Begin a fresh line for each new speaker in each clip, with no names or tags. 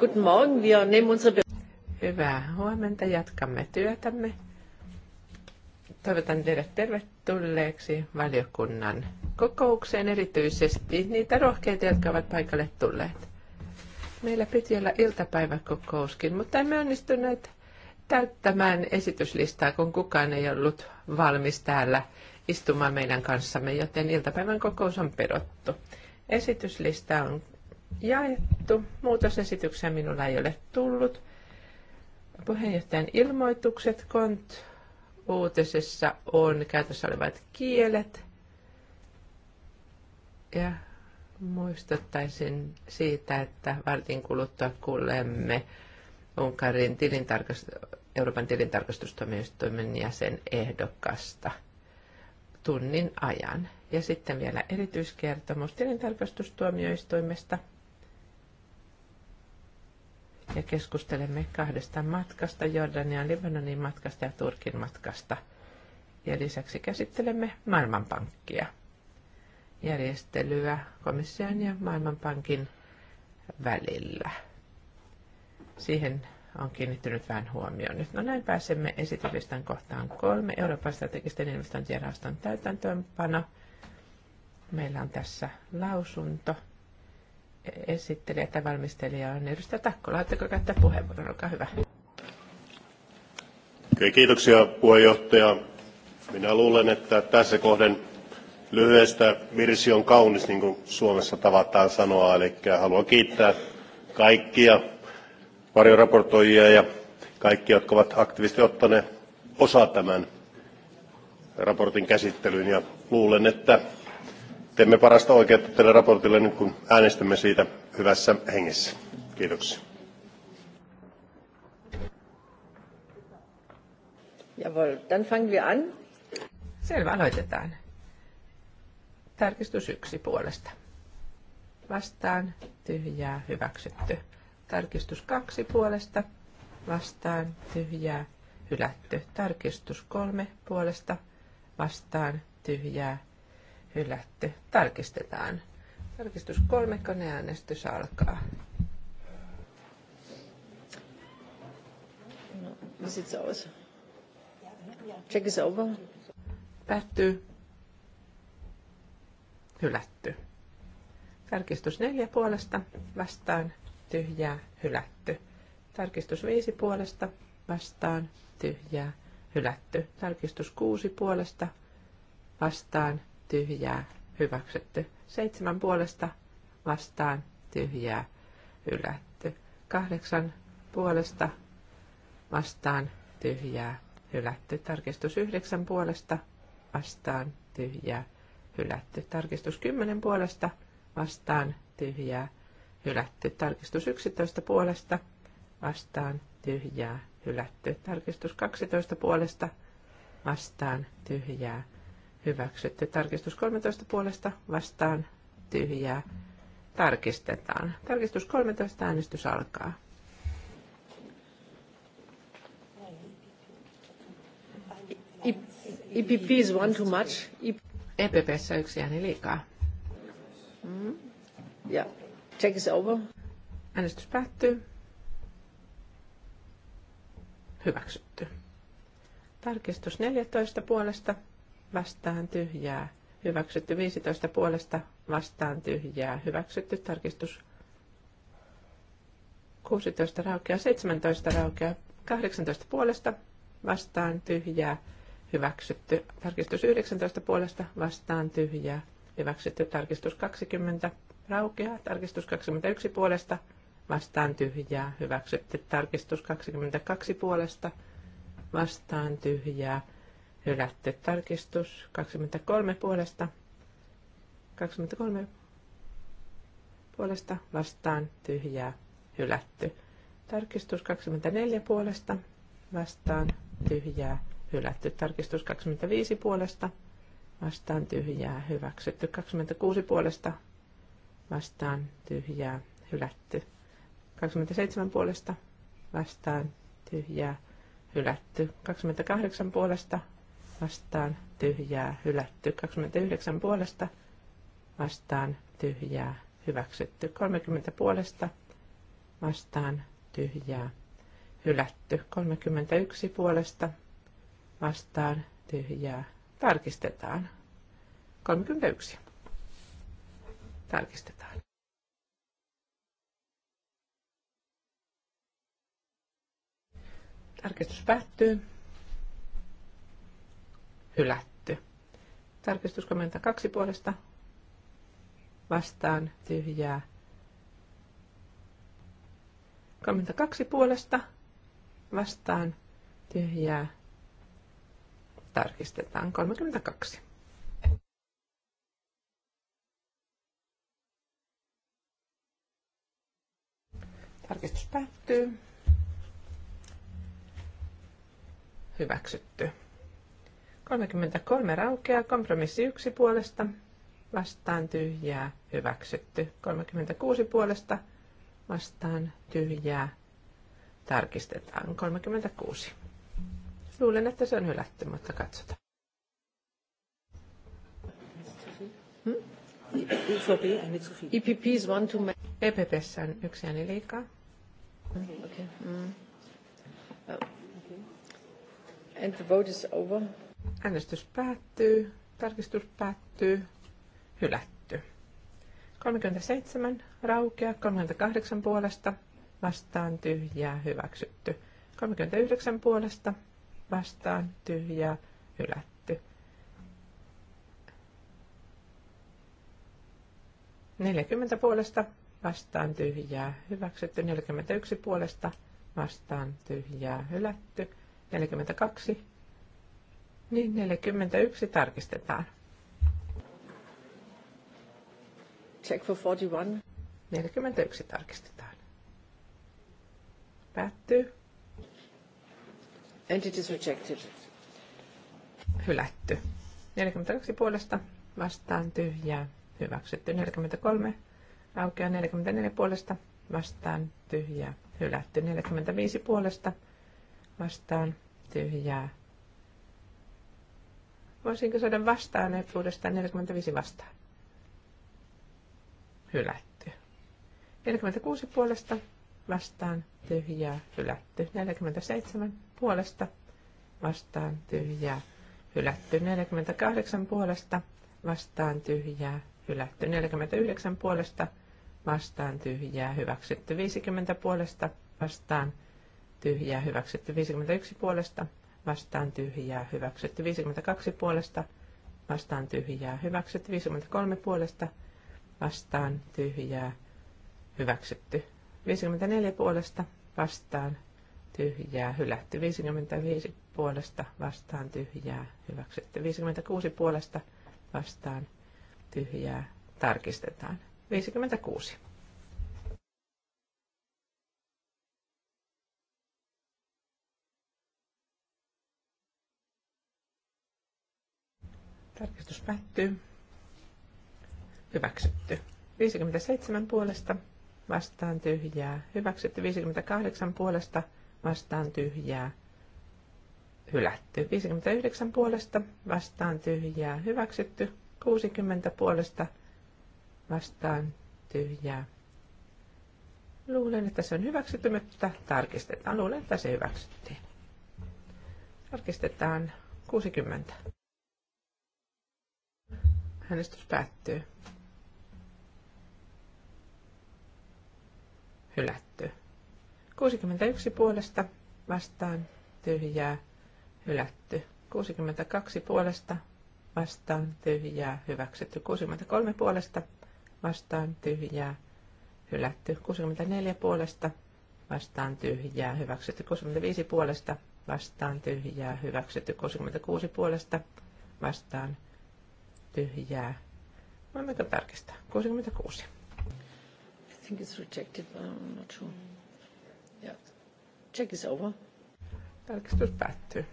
morning. We are nehmen
unsere... Hyvää huomenta, jatkamme työtämme. Toivotan teidät tervetulleeksi valiokunnan kokoukseen, erityisesti niitä rohkeita, jotka ovat paikalle tulleet. Meillä piti olla iltapäiväkokouskin, mutta emme onnistuneet täyttämään esityslistaa, kun kukaan ei ollut valmis täällä istumaan meidän kanssamme, joten iltapäivän kokous on perottu. Esityslista on jaettu. Muutosesityksiä minulla ei ole tullut. Puheenjohtajan ilmoitukset kont uutisessa on käytössä olevat kielet. Ja muistuttaisin siitä, että vartin kuluttua kuulemme Unkarin tilintarkast- Euroopan tilintarkastustuomioistuimen jäsen ehdokasta tunnin ajan. Ja sitten vielä erityiskertomus tilintarkastustuomioistuimesta – ja keskustelemme kahdesta matkasta, Jordanian, Libanonin matkasta ja Turkin matkasta. Ja lisäksi käsittelemme Maailmanpankkia, järjestelyä komission ja Maailmanpankin välillä. Siihen on kiinnittynyt vähän huomioon nyt. No näin pääsemme esityslistan kohtaan kolme, Euroopan strategisten investointien rahaston täytäntöönpano. Meillä on tässä lausunto esittelijä tai valmistelija on edustaja Takkola. Haluatteko käyttää puheenvuoron? Olkaa hyvä.
Kiitoksia puheenjohtaja. Minä luulen, että tässä kohden lyhyestä virsi on kaunis, niin kuin Suomessa tavataan sanoa. Eli haluan kiittää kaikkia varjoraportoijia ja kaikkia, jotka ovat aktiivisesti ottaneet osaa tämän raportin käsittelyyn. Ja luulen, että Teemme parasta oikeutta tälle raportille nyt, kun äänestämme siitä hyvässä hengessä.
Kiitoksia. Jawohl, dann fangen wir an. Selvä, aloitetaan. Tarkistus yksi puolesta. Vastaan, tyhjää, hyväksytty. Tarkistus kaksi puolesta. Vastaan, tyhjää, hylätty. Tarkistus kolme puolesta. Vastaan, tyhjää, hylätty. Tarkistetaan. Tarkistus kolme, koneäänestys alkaa. No, wie sieht's Check is over. Päättyy. Hylätty. Tarkistus neljä puolesta vastaan tyhjää hylätty. Tarkistus viisi puolesta vastaan tyhjää hylätty. Tarkistus kuusi puolesta vastaan tyhjää, hyväksytty. Seitsemän puolesta vastaan, tyhjää, hylätty. Kahdeksan puolesta vastaan, tyhjää, hylätty. Tarkistus yhdeksän puolesta vastaan, tyhjää, hylätty. Tarkistus kymmenen puolesta vastaan, tyhjää, hylätty. Tarkistus yksitoista puolesta vastaan, tyhjää, hylätty. Tarkistus kaksitoista puolesta vastaan, tyhjää, hyväksytty. Tarkistus 13 puolesta vastaan tyhjää. Tarkistetaan. Tarkistus 13 äänestys alkaa. EPP is one too much. EPPssä yksi ääni liikaa. Mm. Yeah. Check is over. Äänestys päättyy. Hyväksytty. Tarkistus 14 puolesta vastaan tyhjää, hyväksytty 15 puolesta vastaan tyhjää, hyväksytty tarkistus 16 raukea, 17 raukea, 18 puolesta vastaan tyhjää, hyväksytty tarkistus 19 puolesta vastaan tyhjää, hyväksytty tarkistus 20 raukea, tarkistus 21 puolesta vastaan tyhjää, hyväksytty tarkistus 22 puolesta vastaan tyhjää, Hylätty. Tarkistus 23 puolesta. 23 puolesta vastaan tyhjää. Hylätty. Tarkistus 24 puolesta vastaan tyhjää. Hylätty. Tarkistus 25 puolesta vastaan tyhjää. Hyväksytty. 26 puolesta vastaan tyhjää. Hylätty. 27 puolesta vastaan tyhjää hylätty. 28 puolesta vastaan tyhjää hylätty. 29 puolesta vastaan tyhjää hyväksytty. 30 puolesta vastaan tyhjää hylätty. 31 puolesta vastaan tyhjää tarkistetaan. 31 tarkistetaan. Tarkistus päättyy hylätty. Tarkistuskomenta kaksi puolesta vastaan tyhjää. kaksi puolesta vastaan tyhjää. Tarkistetaan 32. Tarkistus päättyy. Hyväksytty. 33 raukeaa, kompromissi yksi puolesta, vastaan tyhjää, hyväksytty. 36 puolesta, vastaan tyhjää, tarkistetaan. 36. Luulen, että se on hylätty, mutta katsotaan. Hmm? EPP e on yksi ääni liikaa. Okay. Mm. Oh. Okay. And the vote is over. Äänestys päättyy. Tarkistus päättyy. Hylätty. 37 raukea, 38 puolesta, vastaan tyhjää, hyväksytty. 39 puolesta, vastaan tyhjää, hylätty. 40 puolesta, vastaan tyhjää, hyväksytty. 41 puolesta, vastaan tyhjää, hylätty. 42 niin 41 tarkistetaan. Check for 41. 41 tarkistetaan. Päättyy. And it is rejected. Hylätty. 41 puolesta vastaan tyhjää. Hyväksytty. 43 aukeaa 44 puolesta vastaan tyhjää. Hylätty. 45 puolesta vastaan tyhjää Voisinko saada vastaan etuudestaan 45 vastaan? Hylätty. 46 puolesta vastaan tyhjää hylätty. 47 puolesta vastaan tyhjää hylätty. 48 puolesta vastaan tyhjää hylätty. 49 puolesta vastaan tyhjää hyväksytty. 50 puolesta vastaan tyhjää hyväksytty. 51 puolesta vastaan tyhjää hyväksytty 52 puolesta, vastaan tyhjää hyväksytty 53 puolesta, vastaan tyhjää hyväksytty 54 puolesta, vastaan tyhjää hylätty 55 puolesta, vastaan tyhjää hyväksytty 56 puolesta, vastaan tyhjää tarkistetaan 56. Tarkistus päättyy. Hyväksytty. 57 puolesta vastaan tyhjää. Hyväksytty 58 puolesta vastaan tyhjää. Hylätty 59 puolesta vastaan tyhjää. Hyväksytty 60 puolesta vastaan tyhjää. Luulen, että se on hyväksytty, mutta tarkistetaan. Luulen, että se hyväksyttiin. Tarkistetaan 60. Äänestys päättyy. Hylätty. 61 puolesta vastaan tyhjää hylätty. 62 puolesta vastaan tyhjää hyväksytty. 63 puolesta vastaan tyhjää hylätty. 64 puolesta vastaan tyhjää hyväksytty. 65 puolesta vastaan tyhjää hyväksytty. 66 puolesta vastaan tyhjää. mä Voimmeko tarkistaa? 66. I think it's rejected, but I'm not sure. Yeah. Check is over. Tarkistus päättyy.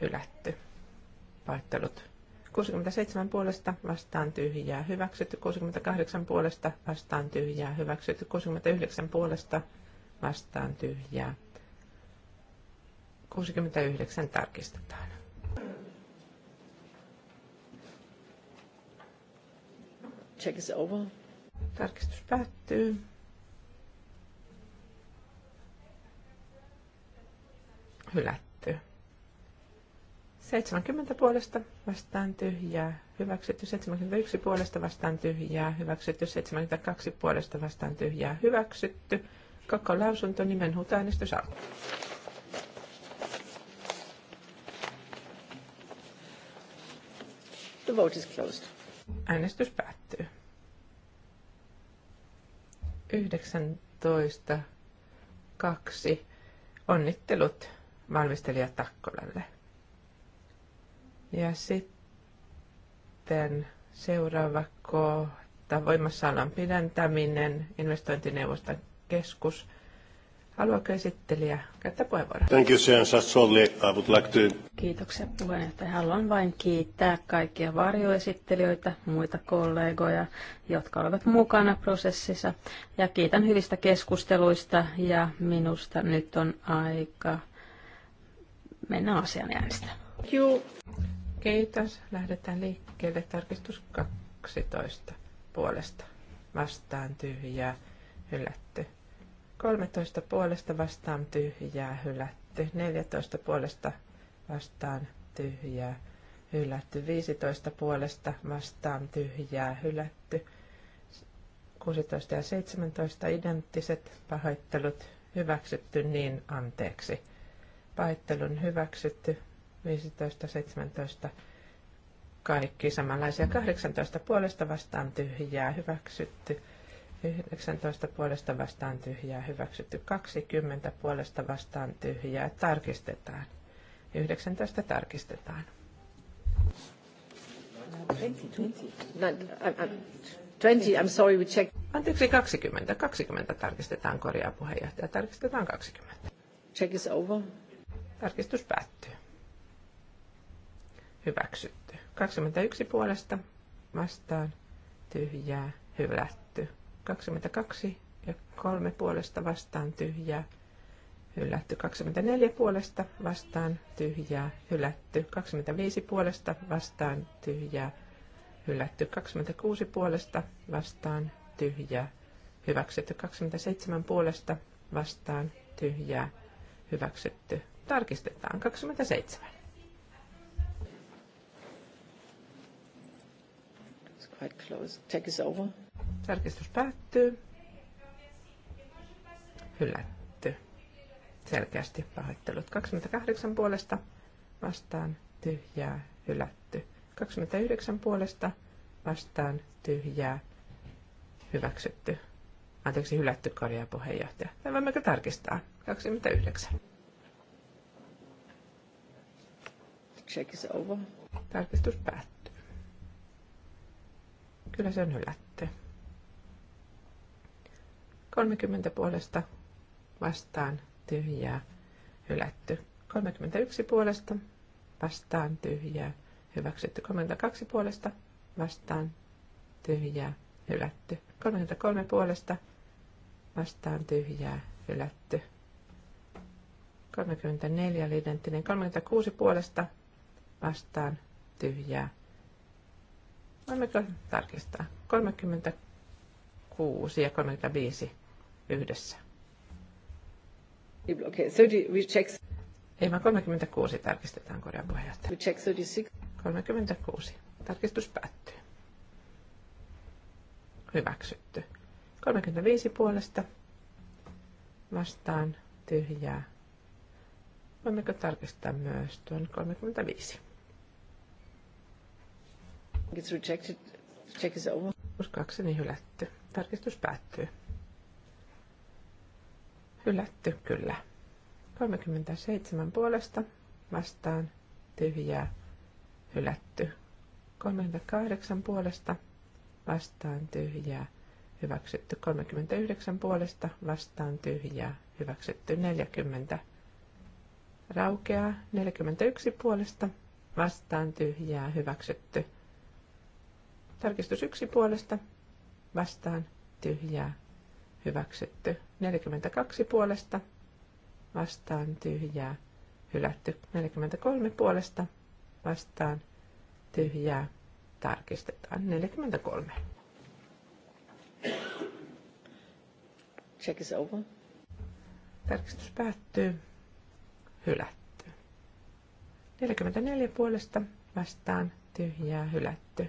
Hylätty. Pahoittelut. 67 puolesta vastaan tyhjää hyväksytty, 68 puolesta vastaan tyhjää hyväksytty, 69 puolesta vastaan tyhjää. 69 tarkistetaan. Check is over. Tarkistus päättyy. Hylätty. 70 puolesta vastaan tyhjää, hyväksytty 71 puolesta vastaan tyhjää, hyväksytty 72 puolesta vastaan tyhjää, hyväksytty. Koko lausunto nimen äänestys alkaa. The vote is closed. Äänestys päättyy. 19. 2. Onnittelut valmistelija Takkolalle. Ja sitten seuraava kohta, voimassaolon pidentäminen, investointineuvoston keskus – Haluaako esittelijä käyttää puheenvuoron? Thank you, Sean Sassoli. I would like to...
Kiitoksia puheenjohtaja. Haluan vain kiittää kaikkia varjoesittelijöitä, muita kollegoja, jotka olivat mukana prosessissa. Ja kiitän hyvistä keskusteluista ja minusta nyt on aika mennä asian äänestämään.
Kiitos. Lähdetään liikkeelle tarkistus 12 puolesta. Vastaan tyhjää, hylätty. 13 puolesta vastaan tyhjää hylätty. 14 puolesta vastaan tyhjää hylätty. 15 puolesta vastaan tyhjää hylätty. 16 ja 17 identtiset pahoittelut hyväksytty niin anteeksi. Pahoittelun hyväksytty 15, 17, kaikki samanlaisia 18 puolesta vastaan tyhjää hyväksytty. 19 puolesta vastaan tyhjää, hyväksytty 20 puolesta vastaan tyhjää, tarkistetaan. 19 tarkistetaan. 20, Anteeksi, 20. 20 tarkistetaan korjaa puheenjohtaja. Tarkistetaan 20. Check is over. Tarkistus päättyy. Hyväksytty. 21 puolesta vastaan tyhjää hylätty. 22 ja 3 puolesta vastaan tyhjää, hylätty 24 puolesta vastaan tyhjää, hylätty 25 puolesta vastaan tyhjää, hylätty 26 puolesta vastaan tyhjää, hyväksytty 27 puolesta vastaan tyhjää, hyväksytty. Tarkistetaan 27. quite close. Take us over. Tarkistus päättyy. Hylätty. Selkeästi pahoittelut. 28 puolesta vastaan tyhjää hylätty. 29 puolesta vastaan tyhjää hyväksytty. Anteeksi, hylätty korjaa puheenjohtaja. Tämä voimmeko tarkistaa? 29. Check is over. Tarkistus päättyy. Kyllä se on hylätty. 30 puolesta vastaan tyhjää hylätty. 31 puolesta vastaan tyhjää hyväksytty. 32 puolesta vastaan tyhjää hylätty. 33 puolesta vastaan tyhjää hylätty. 34 oli identtinen. 36 puolesta vastaan tyhjää. Voimmeko tarkistaa? 36 ja 35 yhdessä. Okay, 30, we check. Ei 36 tarkistetaan korjaa puheenjohtaja. 36. 36. Tarkistus päättyy. Hyväksytty. 35 puolesta vastaan tyhjää. Voimmeko tarkistaa myös tuon 35? It's rejected. Check is over. Uskoakseni hylätty. Tarkistus päättyy. Hylätty kyllä. 37 puolesta vastaan tyhjää. Hylätty. 38 puolesta vastaan tyhjää. Hyväksytty 39 puolesta vastaan tyhjää. Hyväksytty 40 raukeaa 41 puolesta vastaan tyhjää. Hyväksytty Tarkistus yksi puolesta, vastaan, tyhjää, hyväksytty. 42 puolesta vastaan tyhjää, hylätty. 43 puolesta vastaan tyhjää, tarkistetaan. 43. Check is over. Tarkistus päättyy. Hylätty. 44 puolesta vastaan tyhjää hylätty.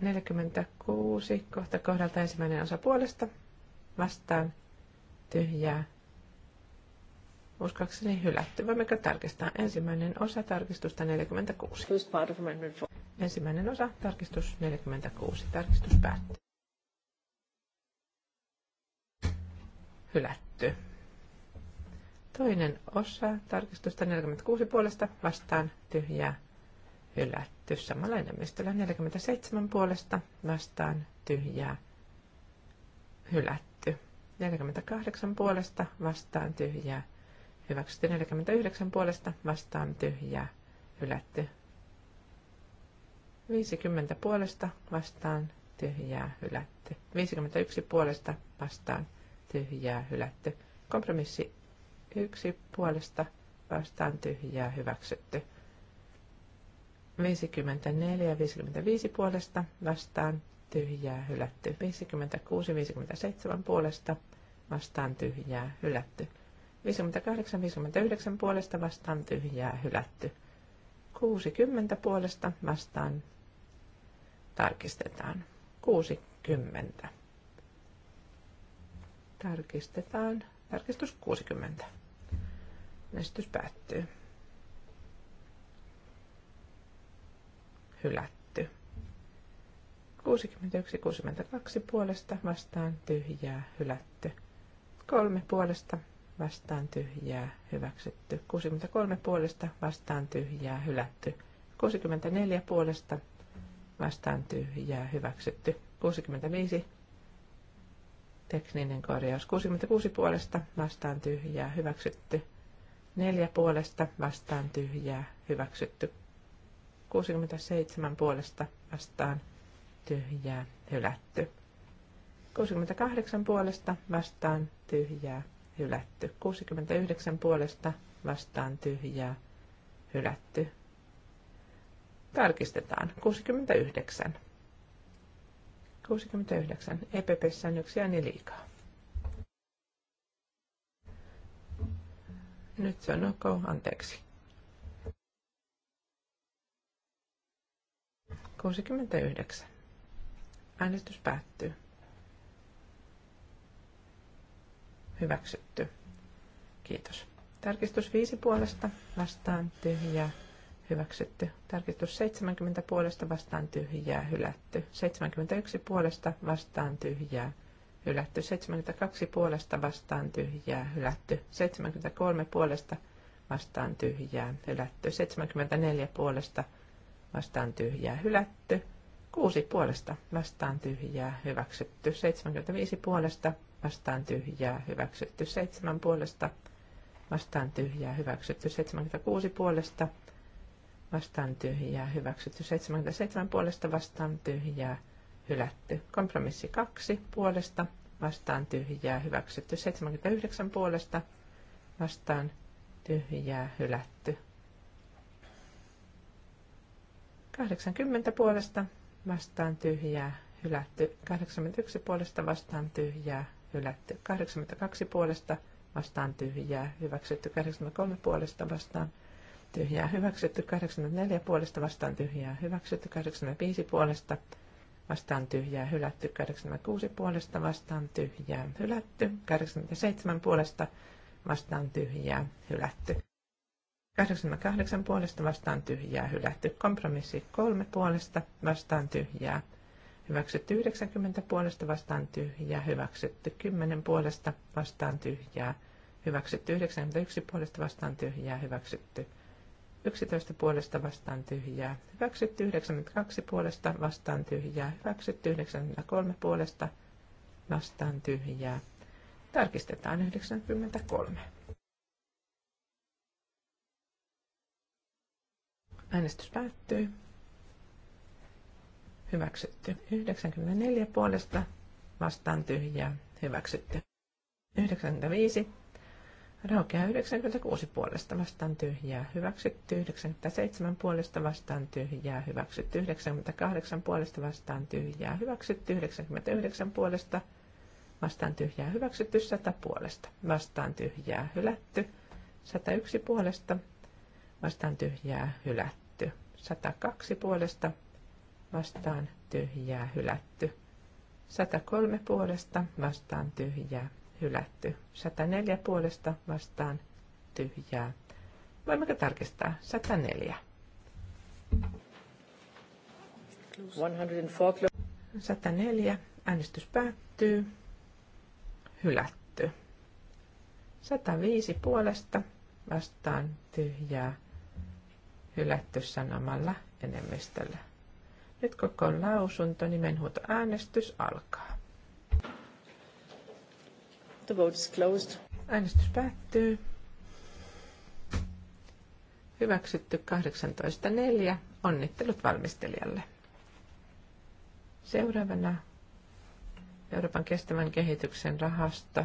46, kohta kohdalta ensimmäinen osa puolesta, vastaan, tyhjää, uskoakseni hylätty. Voimmeko tarkistaa ensimmäinen osa tarkistusta 46? Ensimmäinen osa, tarkistus 46, tarkistus päättyy. Hylätty. Toinen osa, tarkistusta 46 puolesta, vastaan, tyhjää, hylätty hylätty samalla enemmistöllä 47 puolesta vastaan tyhjää hylätty. 48 puolesta vastaan tyhjää hyväksytty. 49 puolesta vastaan tyhjää hylätty. 50 puolesta vastaan tyhjää hylätty. 51 puolesta vastaan tyhjää hylätty. Kompromissi 1 puolesta vastaan tyhjää hyväksytty. 54 ja 55 puolesta vastaan tyhjää hylätty. 56 ja 57 puolesta vastaan tyhjää hylätty. 58 59 puolesta vastaan tyhjää hylätty. 60 puolesta vastaan tarkistetaan. 60. Tarkistetaan. Tarkistus 60. Esitys päättyy. hylätty. 61-62 puolesta vastaan tyhjää hylätty. 3 puolesta vastaan tyhjää hyväksytty. 63 puolesta vastaan tyhjää hylätty. 64 puolesta vastaan tyhjää hyväksytty. 65 tekninen korjaus. 66 puolesta vastaan tyhjää hyväksytty. 4 puolesta vastaan tyhjää hyväksytty. 67 puolesta vastaan tyhjää hylätty. 68 puolesta vastaan tyhjää hylätty. 69 puolesta vastaan tyhjää hylätty. Tarkistetaan. 69. 69. EPPssä on niin liikaa. Nyt se on ok, anteeksi. 69. Äänestys päättyy. Hyväksytty. Kiitos. Tarkistus 5 puolesta vastaan tyhjää. Hyväksytty. Tarkistus 70 puolesta vastaan tyhjää. Hylätty. 71 puolesta vastaan tyhjää. Hylätty. 72 puolesta vastaan tyhjää. Hylätty. 73 puolesta vastaan tyhjää. Hylätty. 74 puolesta vastaan tyhjää vastaan tyhjää hylätty. 6 puolesta vastaan tyhjää hyväksytty. 75 puolesta vastaan tyhjää hyväksytty. 7 puolesta vastaan tyhjää hyväksytty. 76 puolesta vastaan tyhjää hyväksytty. 77 puolesta vastaan tyhjää hylätty. Kompromissi 2 puolesta vastaan tyhjää hyväksytty. 79 puolesta vastaan tyhjää hylätty. 80 puolesta vastaan tyhjää, hylätty. 81 puolesta vastaan tyhjää, hylätty. 82 puolesta vastaan tyhjää, hyväksytty. 83 puolesta vastaan tyhjää, hyväksytty. 84 puolesta vastaan tyhjää, hyväksytty. 85 puolesta vastaan tyhjää, hylätty. 86 puolesta vastaan tyhjää, hylätty. 87 puolesta vastaan tyhjää, hylätty. 88 puolesta vastaan tyhjää hylätty. Kompromissi 3 puolesta vastaan tyhjää hyväksytty. 90 puolesta vastaan tyhjää hyväksytty. 10 puolesta vastaan tyhjää hyväksytty. 91 puolesta vastaan tyhjää hyväksytty. 11 puolesta vastaan tyhjää hyväksytty. 92 puolesta vastaan tyhjää hyväksytty. 93 puolesta vastaan tyhjää. Tarkistetaan 93. Äänestys päättyy. Hyväksytty. 94 puolesta vastaan tyhjää. Hyväksytty. 95. Raukea 96 puolesta vastaan tyhjää. Hyväksytty. 97 puolesta vastaan tyhjää. Hyväksytty. 98 puolesta vastaan tyhjää. Hyväksytty. 99 puolesta vastaan tyhjää. Hyväksytty. 100 puolesta vastaan tyhjää. Hylätty. 101 puolesta vastaan tyhjää. Hylätty. 102 puolesta vastaan tyhjää hylätty. 103 puolesta vastaan tyhjää hylätty. 104 puolesta vastaan tyhjää. Voimmeko tarkistaa? 104. 104. Äänestys päättyy. Hylätty. 105 puolesta vastaan tyhjää hylätty sanomalla enemmistöllä. Nyt koko lausunto nimenhuuto äänestys alkaa. The vote is closed. Äänestys päättyy. Hyväksytty 18.4. Onnittelut valmistelijalle. Seuraavana Euroopan kestävän kehityksen rahasto.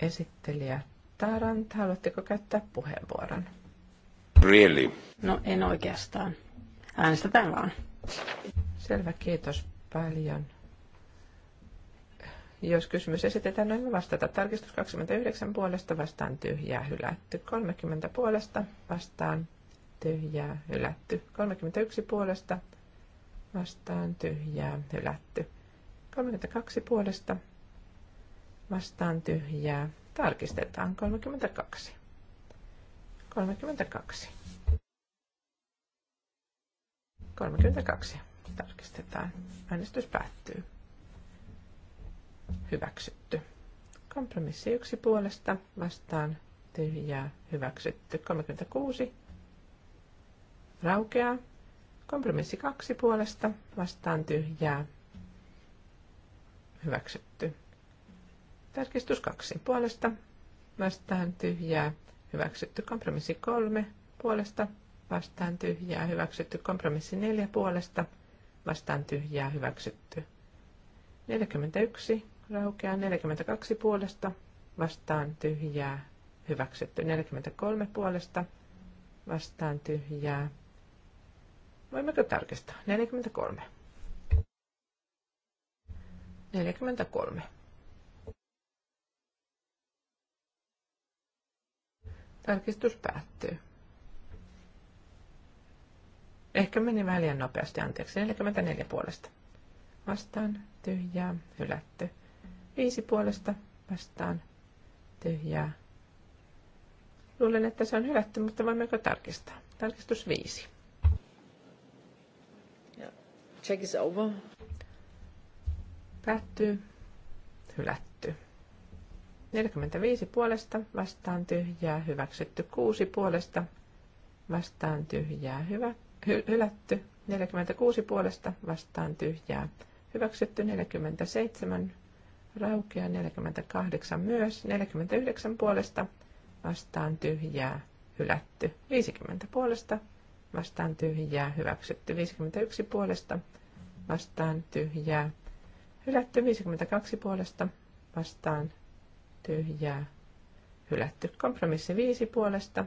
Esittelijä Tarant, haluatteko käyttää puheenvuoron? Really? No en oikeastaan. Äänestetään vaan. Selvä, kiitos paljon. Jos kysymys esitetään, noin vastata. Tarkistus 29 puolesta vastaan tyhjää hylätty. 30 puolesta vastaan tyhjää hylätty. 31 puolesta vastaan tyhjää hylätty. 32 puolesta vastaan tyhjää. Tarkistetaan 32. 32. 32. Tarkistetaan. Äänestys päättyy. Hyväksytty. Kompromissi yksi puolesta vastaan tyhjää hyväksytty. 36. Raukeaa. Kompromissi kaksi puolesta vastaan tyhjää hyväksytty. Tarkistus kaksi puolesta vastaan tyhjää hyväksytty. Kompromissi kolme puolesta vastaan tyhjää hyväksytty. Kompromissi neljä puolesta vastaan tyhjää hyväksytty. 41 raukeaa 42 puolesta vastaan tyhjää hyväksytty. 43 puolesta vastaan tyhjää. Voimmeko tarkistaa? 43. 43. Tarkistus päättyy. Ehkä meni vähän liian nopeasti, anteeksi. 44 puolesta. Vastaan, tyhjää, hylätty. 5 puolesta, vastaan, tyhjää. Luulen, että se on hylätty, mutta voimmeko tarkistaa? Tarkistus 5. Check is over. Päättyy. Hylätty. 45 puolesta vastaan tyhjää hyväksytty. 6 puolesta vastaan tyhjää hyvä, hy, hylätty. 46 puolesta vastaan tyhjää hyväksytty. 47 raukea 48 myös. 49 puolesta vastaan tyhjää hylätty. 50 puolesta vastaan tyhjää hyväksytty. 51 puolesta vastaan tyhjää hylätty. 52 puolesta vastaan tyhjää, hylätty. Kompromissi viisi puolesta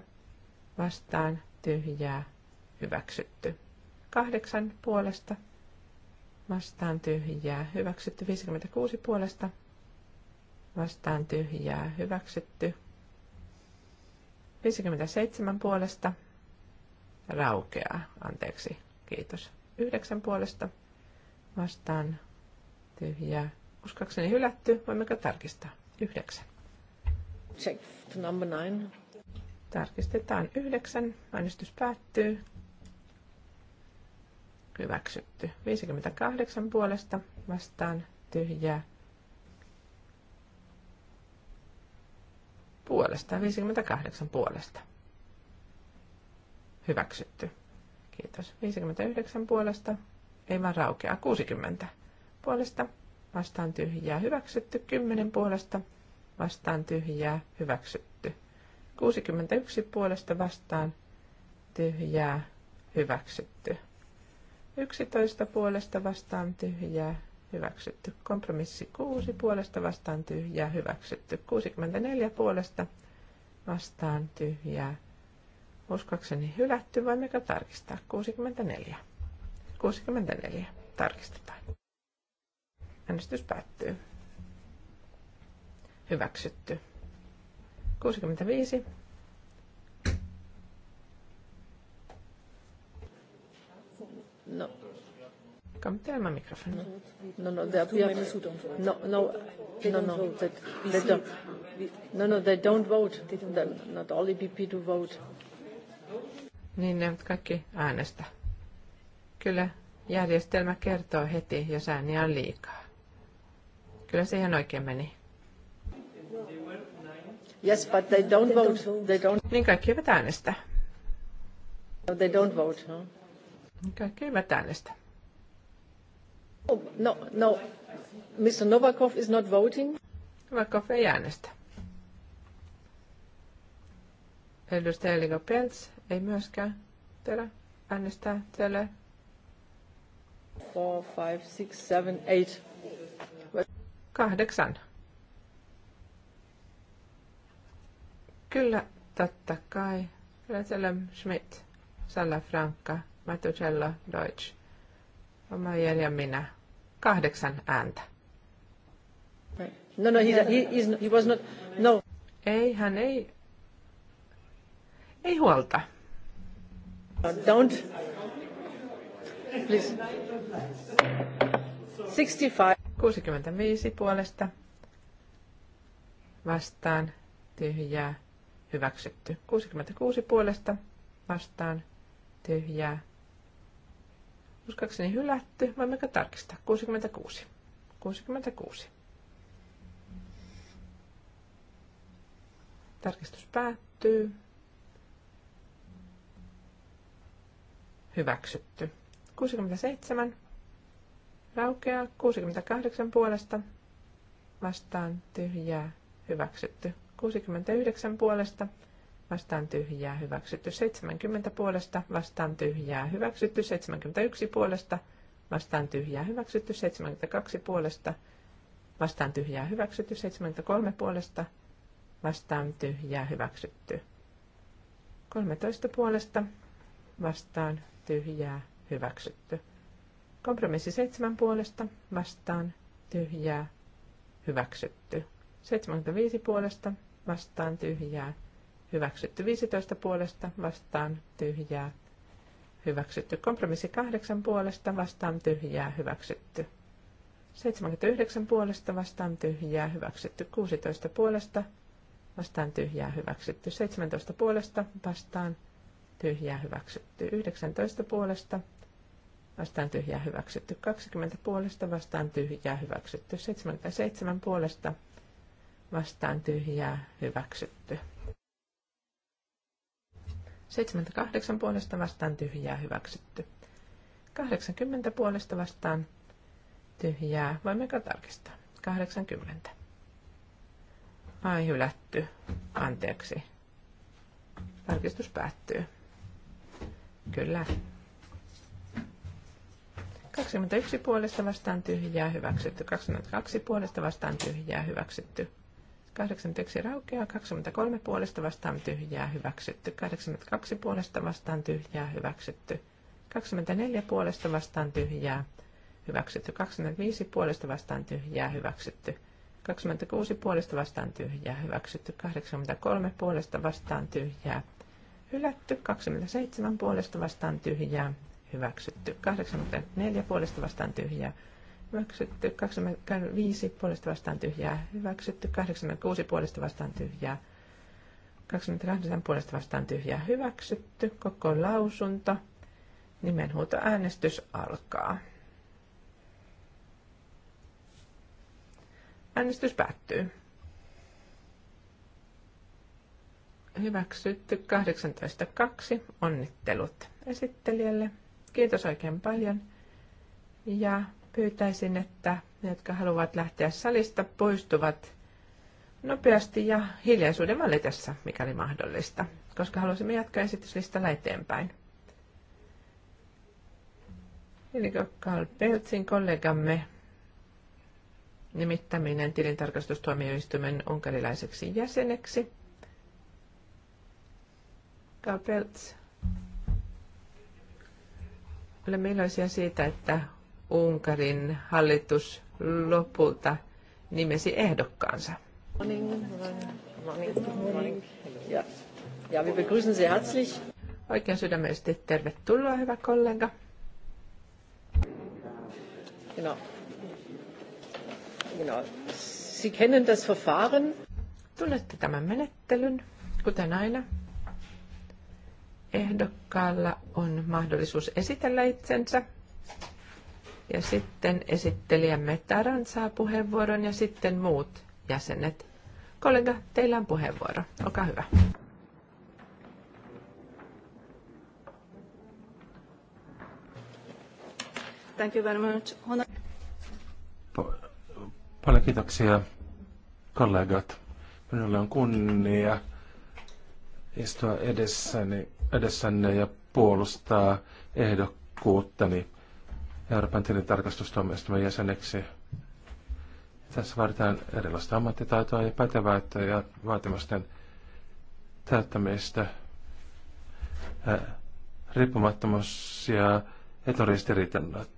vastaan tyhjää, hyväksytty. kahdeksan puolesta vastaan tyhjää, hyväksytty. 56 puolesta vastaan tyhjää, hyväksytty. 57 puolesta raukeaa, anteeksi, kiitos. 9 puolesta vastaan tyhjää, uskakseni hylätty, voimmeko tarkistaa? Yhdeksän. Check to number nine. Tarkistetaan yhdeksän. Äänestys päättyy. Hyväksytty. 58 puolesta vastaan tyhjää. Puolesta. 58 puolesta. Hyväksytty. Kiitos. 59 puolesta. Ei vaan raukeaa. 60 puolesta vastaan tyhjää hyväksytty, 10 puolesta vastaan tyhjää hyväksytty, 61 puolesta vastaan tyhjää hyväksytty, 11 puolesta vastaan tyhjää hyväksytty, kompromissi 6 puolesta vastaan tyhjää hyväksytty, 64 puolesta vastaan tyhjää uskoakseni hylätty, voimmeko tarkistaa 64. 64. Tarkistetaan. Äänestys päättyy. Hyväksytty. 65. No. Come mä my microphone. No. no, no, they, we have, no, no, no, no, they, they don't. No, no, they don't vote. They don't Not only BP to vote. Niin ne ovat kaikki äänestä. Kyllä järjestelmä kertoo heti, jos ääniä on liikaa. Kyllä se ihan oikein meni. Yes, but they don't vote. They don't... Niin kaikki eivät äänestä. No, they don't vote, huh? Niin kaikki eivät äänestä. Oh, no, no. Mr. Novakov is not voting. Novakov ei äänestä. Edustaja Eliko Peltz ei myöskään. tele äänestää. tele. Four, five, six, seven, eight. Kahdeksan. Kyllä, totta kai. Retzelem, Schmidt, Salla Franka, Matucello, Deutsch, Omaier ja minä. Kahdeksan ääntä. No, no, he's, he, he's, he was not, no. Ei, hän ei, ei huolta. Don't. Please. 65. 65 puolesta vastaan tyhjää hyväksytty. 66 puolesta vastaan tyhjää. Uskakseni hylätty. Voimmeko tarkistaa? 66. 66. Tarkistus päättyy. Hyväksytty. 67 raukeaa 68 puolesta vastaan tyhjää hyväksytty. 69 puolesta vastaan tyhjää hyväksytty. 70 puolesta vastaan tyhjää hyväksytty. 71 puolesta vastaan tyhjää hyväksytty. 72 puolesta vastaan tyhjää hyväksytty. 73 puolesta vastaan tyhjää hyväksytty. 13 puolesta vastaan tyhjää hyväksytty. Kompromissi seitsemän puolesta vastaan tyhjää hyväksytty. 75 puolesta vastaan tyhjää hyväksytty. 15 puolesta vastaan tyhjää hyväksytty. Kompromissi kahdeksan puolesta vastaan tyhjää hyväksytty. 79 puolesta vastaan tyhjää hyväksytty. 16 puolesta vastaan tyhjää hyväksytty. 17 puolesta vastaan tyhjää hyväksytty. 19 puolesta vastaan tyhjää hyväksytty. 20 puolesta vastaan tyhjää hyväksytty. 77 puolesta vastaan tyhjää hyväksytty. 78 puolesta vastaan tyhjää hyväksytty. 80 puolesta vastaan tyhjää. Voimmeko tarkistaa? 80. Ai hylätty. Anteeksi. Tarkistus päättyy. Kyllä, 21 puolesta vastaan tyhjää hyväksytty. 22 puolesta vastaan tyhjää hyväksytty. 81 raukeaa, 23 puolesta vastaan tyhjää hyväksytty, 82 puolesta vastaan tyhjää hyväksytty, 24 puolesta vastaan tyhjää hyväksytty, 25 puolesta vastaan tyhjää hyväksytty, 26 puolesta vastaan tyhjää hyväksytty, 83 puolesta vastaan tyhjää hylätty, 27 puolesta vastaan tyhjää hyväksytty. 84 puolesta vastaan tyhjää hyväksytty. 25 puolesta vastaan tyhjää hyväksytty. 86 puolesta vastaan tyhjää 28 puolesta vastaan tyhjää hyväksytty. Koko lausunto. Nimenhuutoäänestys alkaa. Äänestys päättyy. Hyväksytty 18.2. Onnittelut esittelijälle. Kiitos oikein paljon. Ja pyytäisin, että ne, jotka haluavat lähteä salista, poistuvat nopeasti ja hiljaisuuden valitessa, mikäli mahdollista, koska haluaisimme jatkaa esityslistalla eteenpäin. Eli Karl Peltsin kollegamme nimittäminen tilintarkastustuomioistuimen unkarilaiseksi jäseneksi. Karl Peltz Olemme iloisia siitä, että Unkarin hallitus lopulta nimesi ehdokkaansa. Ja, wir begrüßen Sie herzlich. Oikein sydämellisesti tervetuloa, hyvä kollega. Genau. Genau. Sie kennen das Verfahren. Tunnette tämän menettelyn, kuten aina ehdokkaalla on mahdollisuus esitellä itsensä. Ja sitten esittelijämme Taran saa puheenvuoron ja sitten muut jäsenet. Kollega, teillä on puheenvuoro. Olkaa hyvä. Thank you very much.
paljon kiitoksia kollegat. Minulla on kunnia istua edessäni edessänne ja puolustaa ehdokkuuttani Euroopan tilintarkastustuomioistuimen jäseneksi. Tässä vaaditaan erilaista ammattitaitoa ja pätevyyttä ja vaatimusten täyttämistä, riippumattomuus ja eturistiriitannat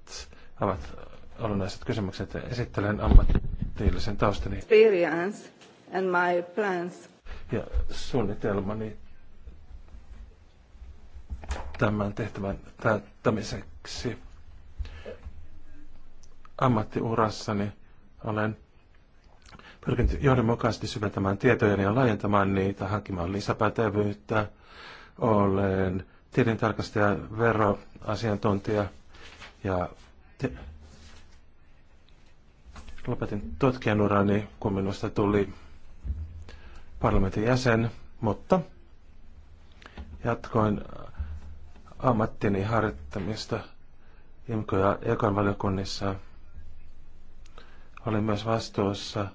ovat olennaiset kysymykset. Esittelen ammatillisen taustani.
Experience and my plans.
Ja suunnitelmani tämän tehtävän täyttämiseksi. Ammattiurassani olen pyrkinyt johdonmukaisesti syventämään tietoja ja laajentamaan niitä, hankimaan lisäpätevyyttä. Olen tilintarkastaja, veroasiantuntija ja te- lopetin tutkijan urani, kun minusta tuli parlamentin jäsen, mutta jatkoin ammattini harjoittamista IMKO- ja Ekon valiokunnissa. Olin myös vastuussa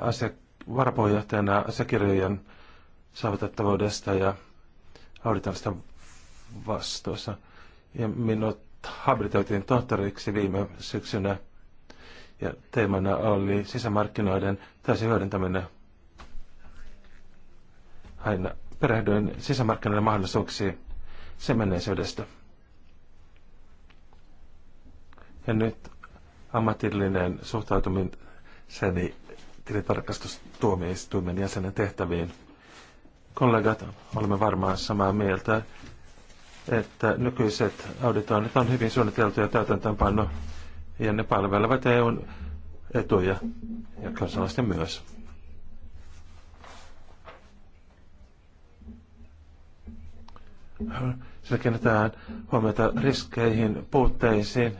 asia, varapuheenjohtajana asiakirjojen saavutettavuudesta ja auditoinnista vastuussa. Ja minut habilitoitiin tohtoriksi viime syksynä ja teemana oli sisämarkkinoiden täysin hyödyntäminen. Aina perehdyin sisämarkkinoiden mahdollisuuksiin sen menneisyydestä. Ja nyt ammatillinen suhtautumiseni tilitarkastustuomioistuimen jäsenen tehtäviin. Kollegat, olemme varmaan samaa mieltä, että nykyiset auditoinnit on hyvin suunniteltu ja täytäntöönpanno, ja ne palvelevat EUn etuja ja kansalaisten myös. Sillä kiinnitetään huomiota riskeihin, puutteisiin,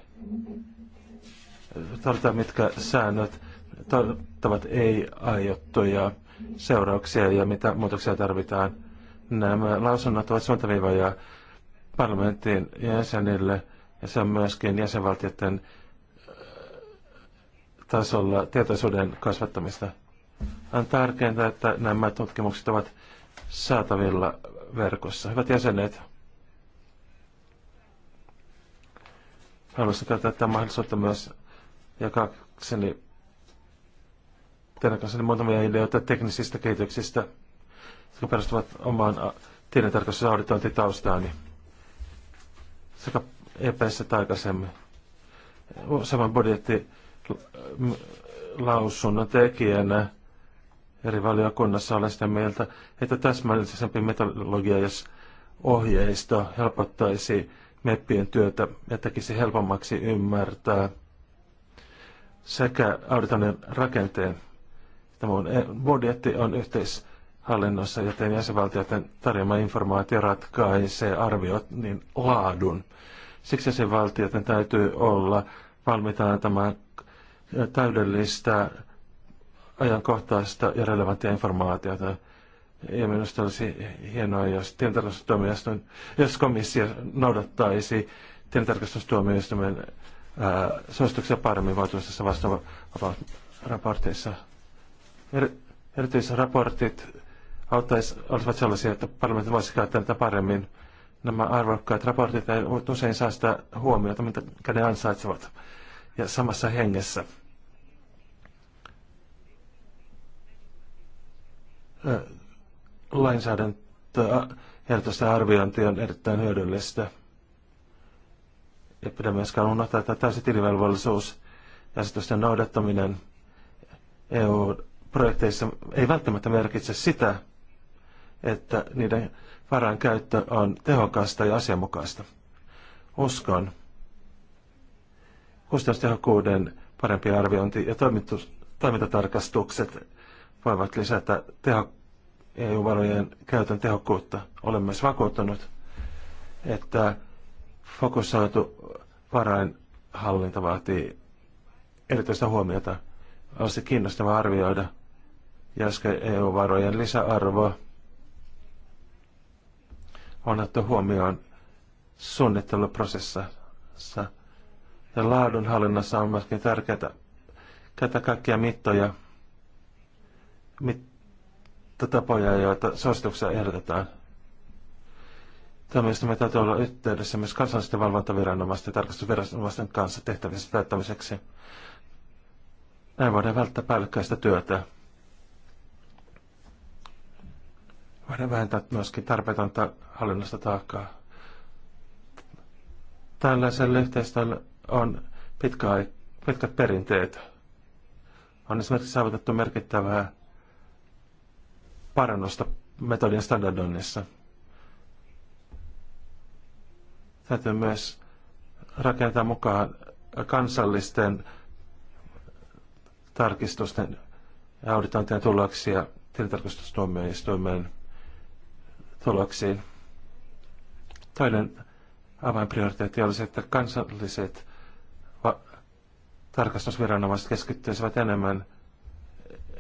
todetaan mitkä säännöt tuottavat ei-aiottuja seurauksia ja mitä muutoksia tarvitaan. Nämä lausunnot ovat suuntaviivoja parlamentin jäsenille ja se on myöskin jäsenvaltioiden äh, tasolla tietoisuuden kasvattamista. On tärkeintä, että nämä tutkimukset ovat saatavilla verkossa. Hyvät jäsenet, haluaisin käyttää tämän mahdollisuutta myös jakakseni teidän kanssanne muutamia ideoita teknisistä kehityksistä, jotka perustuvat omaan tiedetarkastus- ja auditointitaustaani sekä EPssä tai aikaisemmin. Saman budjettilausunnon tekijänä eri valiokunnassa olen sitä mieltä, että täsmällisempi metodologia, jos ohjeisto helpottaisi meppien työtä ja tekisi helpommaksi ymmärtää sekä auditoinnin rakenteen. Tämä on, eh, budjetti on yhteishallinnossa, joten jäsenvaltioiden tarjoama informaatio ratkaisee niin laadun. Siksi jäsenvaltioiden täytyy olla valmiita antamaan täydellistä ajankohtaista ja relevanttia informaatiota. Ja minusta olisi hienoa, jos tientarkastustuomioistuin, jos komissio noudattaisi tientarkastustuomioistuimen suosituksia paremmin vaatimuksessa vastaavaraporteissa. Er, erityisraportit auttais, olisivat sellaisia, että parlamentti voisi käyttää tätä paremmin. Nämä arvokkaat raportit eivät usein saa sitä huomiota, mitä ne ansaitsevat. Ja samassa hengessä tästä arviointi on erittäin hyödyllistä. Ja pidä myöskään unohtaa, että täysi tilivelvollisuus ja sitten noudattaminen EU-projekteissa ei välttämättä merkitse sitä, että niiden varan käyttö on tehokasta ja asianmukaista. Uskon kustannustehokkuuden parempi arviointi ja toimintatarkastukset voivat lisätä teho, EU-varojen käytön tehokkuutta. Olen myös vakuuttunut, että fokusoitu varainhallinta vaatii erityistä huomiota. Olisi kiinnostava arvioida, josko EU-varojen lisäarvo on otettu huomioon suunnitteluprosessissa ja laadunhallinnassa on myöskin tärkeää käyttää kaikkia mittoja – mitä tapoja, joita suosituksia ehdotetaan. me täytyy olla yhteydessä myös kansallisten valvontaviranomaisten ja tarkastusviranomaisten kanssa tehtävissä täyttämiseksi. Näin voidaan välttää päällekkäistä työtä. Voidaan vähentää myöskin tarpeetonta hallinnosta taakkaa. Tällaiselle yhteistyölle on pitkä, pitkät perinteet. On esimerkiksi saavutettu merkittävää parannusta metodin standardoinnissa. Täytyy myös rakentaa mukaan kansallisten tarkistusten ja auditointien tuloksia tilintarkastustuomioistuimen tuloksiin. Toinen avainprioriteetti olisi, että kansalliset tarkastusviranomaiset keskittyisivät enemmän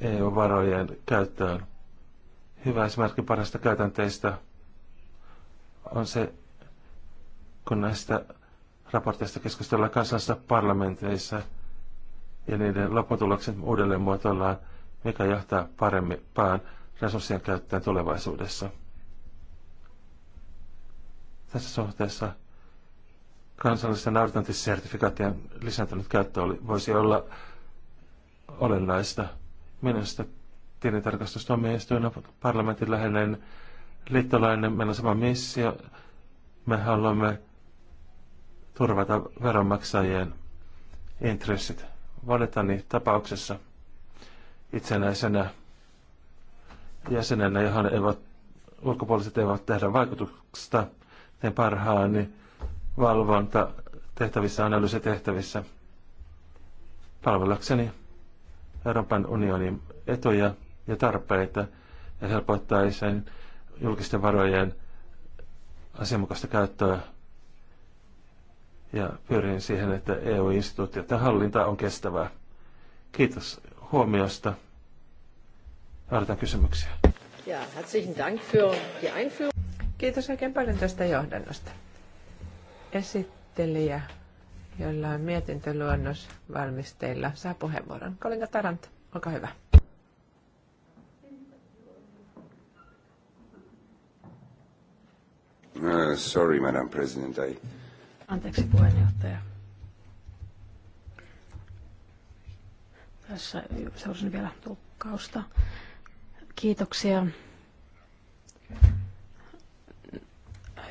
EU-varojen käyttöön Hyvä esimerkki parasta käytänteistä on se, kun näistä raporteista keskustellaan kansallisissa parlamenteissa ja niiden lopputulokset uudelleen muotoillaan, mikä johtaa paremmin pään resurssien käyttöön tulevaisuudessa. Tässä suhteessa kansallisten arviointisertifikaattien lisääntynyt käyttö voisi olla olennaista. Minusta tilintarkastustuomioistuin on parlamentin läheinen liittolainen. Meillä on sama missio. Me haluamme turvata veronmaksajien intressit. Valitani tapauksessa itsenäisenä jäsenenä, johon eivät, ulkopuoliset eivät tehdä vaikutuksesta teen parhaani valvonta tehtävissä, analyysitehtävissä palvellakseni Euroopan unionin etuja ja tarpeita ja helpottaisi sen julkisten varojen asianmukaista käyttöä. Ja pyrin siihen, että eu ja hallinta on kestävää. Kiitos huomiosta. Odotan kysymyksiä.
Ja, herzlichen Dank für die Einführung. Kiitos oikein paljon tästä johdannosta. Esittelijä, jolla on mietintöluonnos valmisteilla, saa puheenvuoron. Kolinka Tarant, olkaa hyvä.
Uh, sorry, Madam President. I...
Anteeksi puheenjohtaja.
Tässä seurasin vielä tulkkausta. Kiitoksia.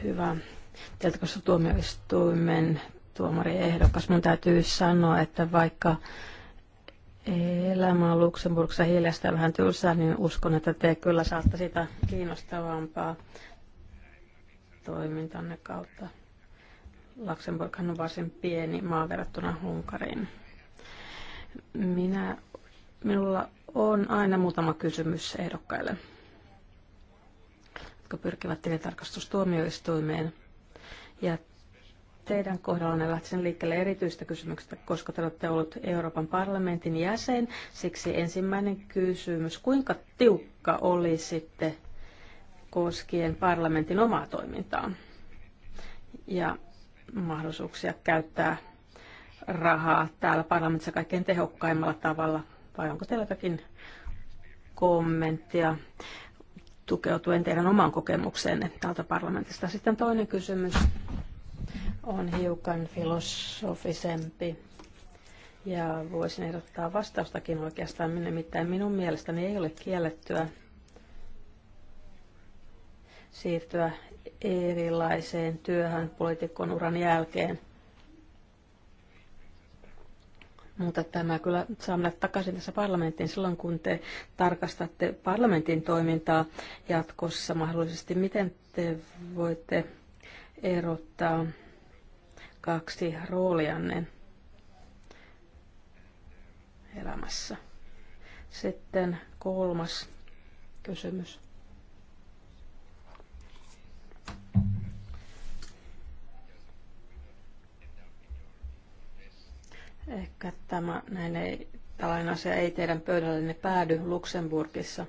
Hyvä. Tietokossa tuomioistuimen tuomari ehdokas. Mun täytyy sanoa, että vaikka elämä on Luxemburgissa hiljasta ja vähän tylsää, niin uskon, että te kyllä saatte sitä kiinnostavampaa toimintanne kautta. Luxemburghan on varsin pieni maa verrattuna Unkariin. Minä, minulla on aina muutama kysymys ehdokkaille, jotka pyrkivät tilintarkastustuomioistuimeen. Ja teidän kohdallanne lähtisin liikkeelle erityistä kysymyksestä, koska te olette olleet Euroopan parlamentin jäsen. Siksi ensimmäinen kysymys, kuinka tiukka olisitte koskien parlamentin omaa toimintaa ja mahdollisuuksia käyttää rahaa täällä parlamentissa kaikkein tehokkaimmalla tavalla, vai onko teillä jotakin kommenttia tukeutuen teidän omaan kokemukseenne täältä parlamentista? Sitten toinen kysymys on hiukan filosofisempi ja voisin ehdottaa vastaustakin oikeastaan, nimittäin minun mielestäni ei ole kiellettyä siirtyä erilaiseen työhön poliitikon uran jälkeen. Mutta tämä kyllä saa mennä takaisin tässä parlamenttiin silloin, kun te tarkastatte parlamentin toimintaa jatkossa mahdollisesti. Miten te voitte erottaa kaksi roolianne elämässä? Sitten kolmas kysymys. Ehkä tämä, näin ei, tällainen asia ei teidän pöydällenne päädy Luxemburgissa.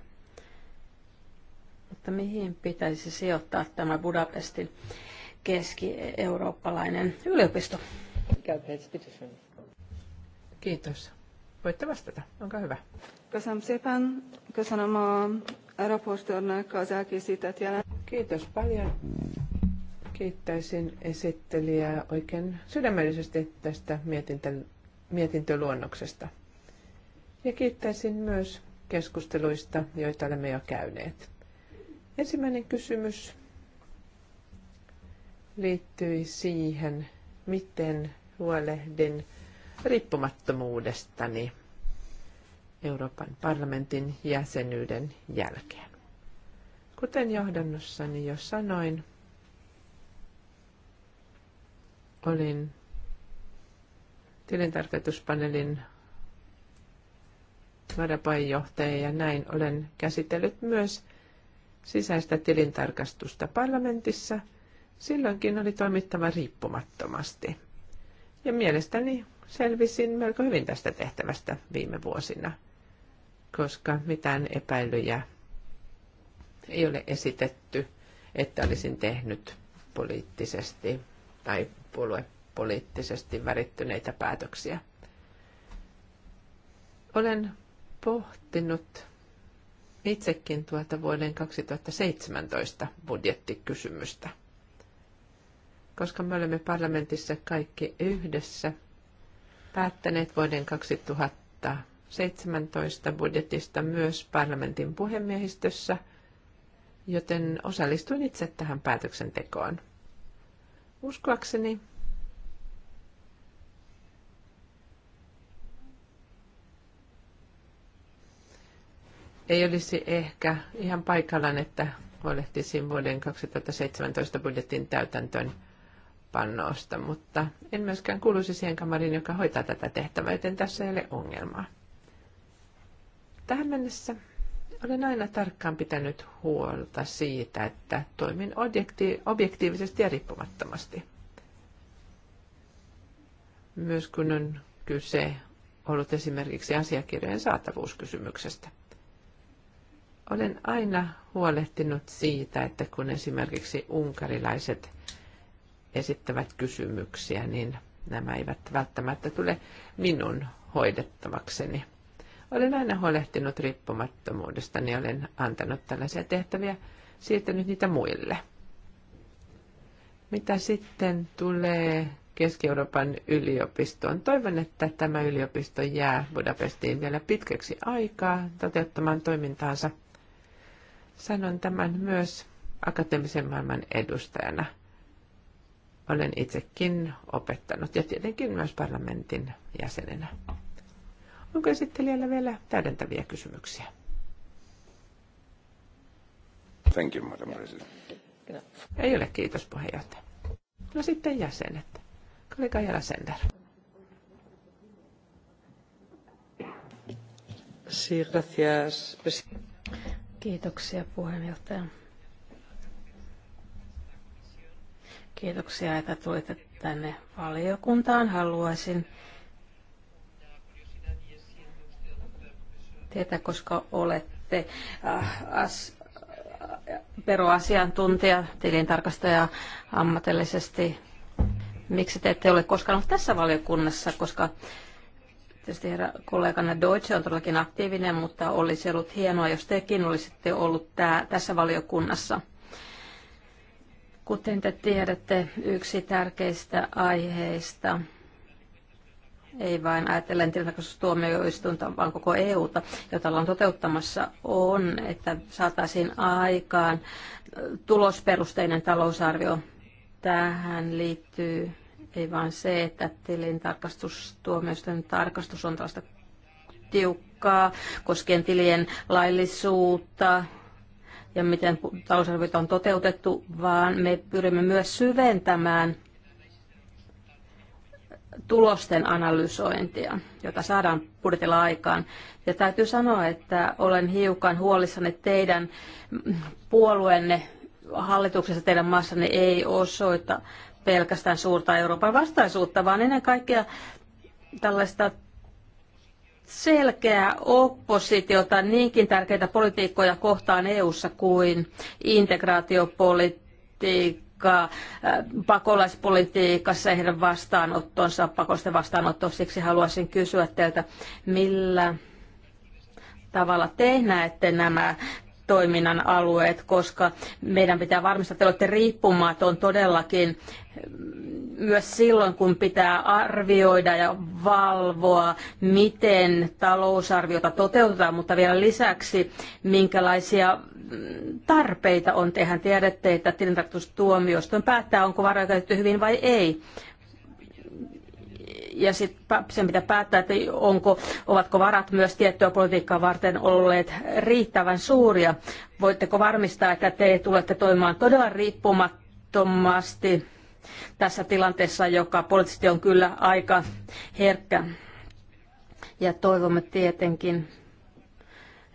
Mutta mihin pitäisi sijoittaa tämä Budapestin keski-eurooppalainen yliopisto?
Kiitos. Voitte vastata. Onko hyvä? Kiitos paljon. Kiittäisin esittelijää oikein sydämellisesti tästä mietintöluonnoksesta mietintöluonnoksesta. Ja kiittäisin myös keskusteluista, joita olemme jo käyneet. Ensimmäinen kysymys liittyi siihen, miten huolehdin riippumattomuudestani Euroopan parlamentin jäsenyyden jälkeen. Kuten johdannossani jo sanoin, olin tilintarkastuspanelin varapainjohtaja ja näin olen käsitellyt myös sisäistä tilintarkastusta parlamentissa. Silloinkin oli toimittava riippumattomasti. Ja mielestäni selvisin melko hyvin tästä tehtävästä viime vuosina, koska mitään epäilyjä ei ole esitetty, että olisin tehnyt poliittisesti tai puolue poliittisesti värittyneitä päätöksiä. Olen pohtinut itsekin tuota vuoden 2017 budjettikysymystä. Koska me olemme parlamentissa kaikki yhdessä päättäneet vuoden 2017 budjetista myös parlamentin puhemiehistössä, joten osallistuin itse tähän päätöksentekoon. Uskoakseni ei olisi ehkä ihan paikallaan, että huolehtisin vuoden 2017 budjetin täytäntöön pannoosta, mutta en myöskään kuuluisi siihen kamariin, joka hoitaa tätä tehtävää, joten tässä ei ole ongelmaa. Tähän mennessä olen aina tarkkaan pitänyt huolta siitä, että toimin objekti- objektiivisesti ja riippumattomasti. Myös kun on kyse ollut esimerkiksi asiakirjojen saatavuuskysymyksestä. Olen aina huolehtinut siitä, että kun esimerkiksi unkarilaiset esittävät kysymyksiä, niin nämä eivät välttämättä tule minun hoidettavakseni. Olen aina huolehtinut riippumattomuudesta, niin olen antanut tällaisia tehtäviä, siirtänyt niitä muille. Mitä sitten tulee Keski-Euroopan yliopistoon? Toivon, että tämä yliopisto jää Budapestiin vielä pitkäksi aikaa toteuttamaan toimintaansa – Sanon tämän myös akateemisen maailman edustajana. Olen itsekin opettanut ja tietenkin myös parlamentin jäsenenä. Onko esittelijällä vielä täydentäviä kysymyksiä? Thank you, Madam President. Ei ole, kiitos puheenjohtaja. No sitten jäsenet. Kollega Jala Sender. Sí, gracias. Kiitoksia
puheenjohtaja. Kiitoksia, että tulitte tänne valiokuntaan. Haluaisin tietää, koska olette äh, as, peroasiantuntija, äh, tilintarkastaja ammatillisesti. Miksi te ette ole koskaan ollut tässä valiokunnassa, koska Tietysti herra kolleganne Deutsche on todellakin aktiivinen, mutta olisi ollut hienoa, jos tekin olisitte ollut tää, tässä valiokunnassa. Kuten te tiedätte, yksi tärkeistä aiheista, ei vain ajatellen tilintarkastustuomioistuinta, vaan koko EUta, jota ollaan toteuttamassa, on, että saataisiin aikaan tulosperusteinen talousarvio. Tähän liittyy ei vain se, että tilin tarkastustuomioistuin tarkastus on tällaista tiukkaa koskien tilien laillisuutta ja miten talousarviot on toteutettu, vaan me pyrimme myös syventämään tulosten analysointia, jota saadaan budjetilla aikaan. Ja täytyy sanoa, että olen hiukan huolissani teidän puolueenne hallituksessa teidän maassanne ei osoita pelkästään suurta Euroopan vastaisuutta, vaan ennen kaikkea tällaista selkeää oppositiota niinkin tärkeitä politiikkoja kohtaan EU:ssa kuin integraatiopolitiikka, äh, pakolaispolitiikassa ja heidän vastaanottonsa, pakosten vastaanotto. Siksi haluaisin kysyä teiltä, millä tavalla te näette nämä toiminnan alueet, koska meidän pitää varmistaa, että te olette riippumaton todellakin myös silloin, kun pitää arvioida ja valvoa, miten talousarviota toteutetaan, mutta vielä lisäksi, minkälaisia tarpeita on. Tehän tiedätte, että tilintarkastustuomioistuin päättää, onko varoja käytetty hyvin vai ei ja sitten sen pitää päättää, että onko, ovatko varat myös tiettyä politiikkaa varten olleet riittävän suuria. Voitteko varmistaa, että te tulette toimimaan todella riippumattomasti tässä tilanteessa, joka poliittisesti on kyllä aika herkkä. Ja toivomme tietenkin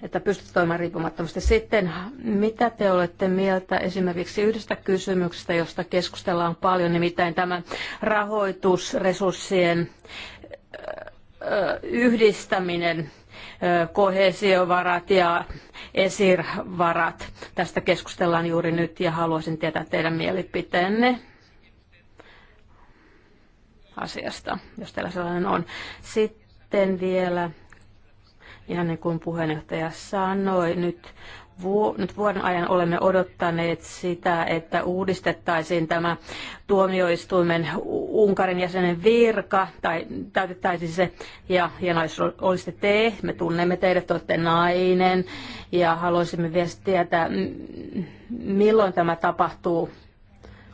että pystyt toimimaan riippumattomasti. Sitten, mitä te olette mieltä esimerkiksi yhdestä kysymyksestä, josta keskustellaan paljon, nimittäin tämä rahoitusresurssien yhdistäminen, kohesiovarat ja esirvarat. Tästä keskustellaan juuri nyt ja haluaisin tietää teidän mielipiteenne asiasta, jos teillä sellainen on. Sitten vielä ja niin kuin puheenjohtaja sanoi, nyt, vu- nyt vuoden ajan olemme odottaneet sitä, että uudistettaisiin tämä tuomioistuimen Unkarin jäsenen virka, tai täytettäisiin se, ja hienoa, jos olisitte te, me tunnemme teidät, olette nainen, ja haluaisimme vielä tietää, milloin tämä tapahtuu,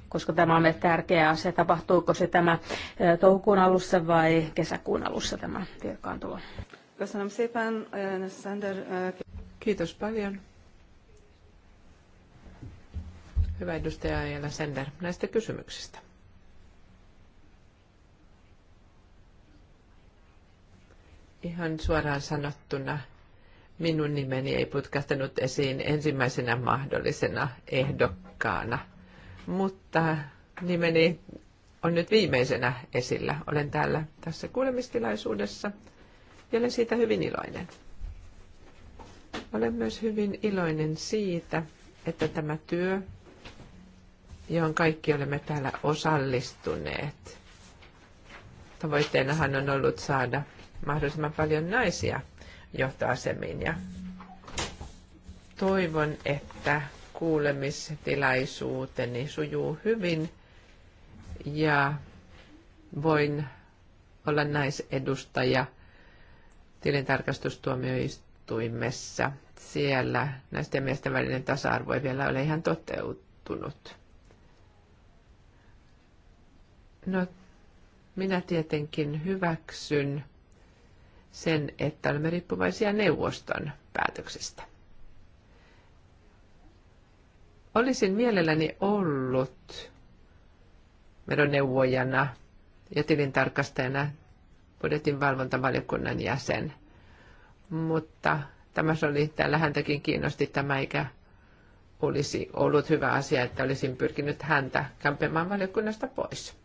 koska tämä on meille tärkeä asia. Tapahtuuko se tämä toukokuun alussa vai kesäkuun alussa tämä virkaantulo?
Kiitos paljon. Hyvä edustaja Ajala näistä kysymyksistä. Ihan suoraan sanottuna minun nimeni ei putkahtanut esiin ensimmäisenä mahdollisena ehdokkaana, mutta nimeni on nyt viimeisenä esillä. Olen täällä tässä kuulemistilaisuudessa – ja olen siitä hyvin iloinen. Olen myös hyvin iloinen siitä, että tämä työ, johon kaikki olemme täällä osallistuneet, tavoitteenahan on ollut saada mahdollisimman paljon naisia johtoasemiin ja toivon, että kuulemistilaisuuteni sujuu hyvin ja voin olla naisedustaja – tilintarkastustuomioistuimessa. Siellä näistä miesten välinen tasa-arvo ei vielä ole ihan toteutunut. No, minä tietenkin hyväksyn sen, että olemme riippuvaisia neuvoston päätöksestä. Olisin mielelläni ollut veroneuvojana ja tilintarkastajana budjetin valvontavaliokunnan jäsen. Mutta tämä oli, täällä häntäkin kiinnosti tämä, eikä olisi ollut hyvä asia, että olisin pyrkinyt häntä kämpeämään valiokunnasta pois.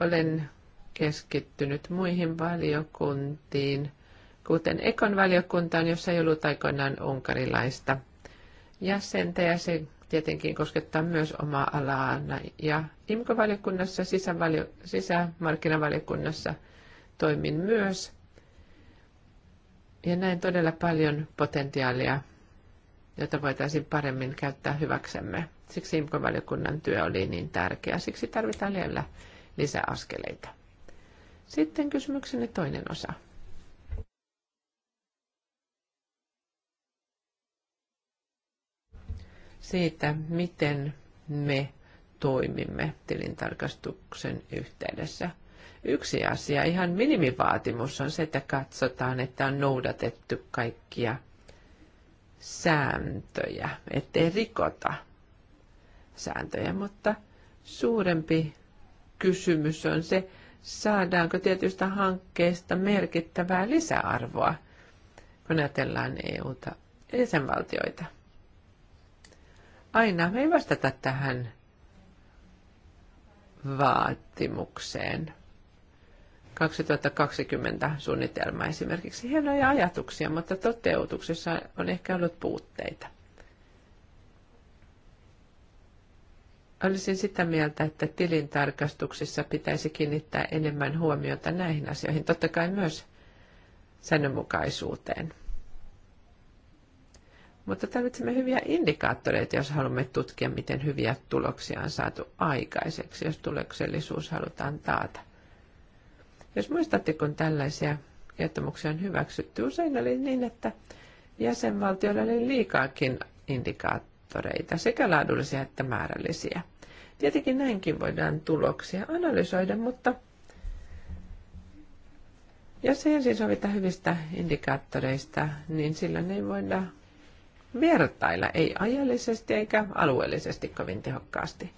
Olen keskittynyt muihin valiokuntiin, kuten Ekon valiokuntaan, jossa ei ollut aikoinaan unkarilaista jäsentä ja se tietenkin koskettaa myös omaa alaa. Ja imco valiokunnassa sisämarkkinavaliokunnassa toimin myös. Ja näin todella paljon potentiaalia, jota voitaisiin paremmin käyttää hyväksemme. Siksi imco valiokunnan työ oli niin tärkeä. Siksi tarvitaan vielä lisäaskeleita. Sitten kysymyksenne toinen osa. siitä, miten me toimimme tilintarkastuksen yhteydessä. Yksi asia, ihan minimivaatimus on se, että katsotaan, että on noudatettu kaikkia sääntöjä, ettei rikota sääntöjä, mutta suurempi kysymys on se, saadaanko tietystä hankkeesta merkittävää lisäarvoa, kun ajatellaan sen jäsenvaltioita aina me ei vastata tähän vaatimukseen. 2020 suunnitelma esimerkiksi. Hienoja ajatuksia, mutta toteutuksessa on ehkä ollut puutteita. Olisin sitä mieltä, että tilintarkastuksissa pitäisi kiinnittää enemmän huomiota näihin asioihin, totta kai myös säännönmukaisuuteen. Mutta tarvitsemme hyviä indikaattoreita, jos haluamme tutkia, miten hyviä tuloksia on saatu aikaiseksi, jos tuloksellisuus halutaan taata. Jos muistatte, kun tällaisia kertomuksia on hyväksytty, usein oli niin, että jäsenvaltioilla oli liikaakin indikaattoreita, sekä laadullisia että määrällisiä. Tietenkin näinkin voidaan tuloksia analysoida, mutta jos ei ensin sovita hyvistä indikaattoreista, niin silloin ei voida vertailla, ei ajallisesti eikä alueellisesti kovin tehokkaasti.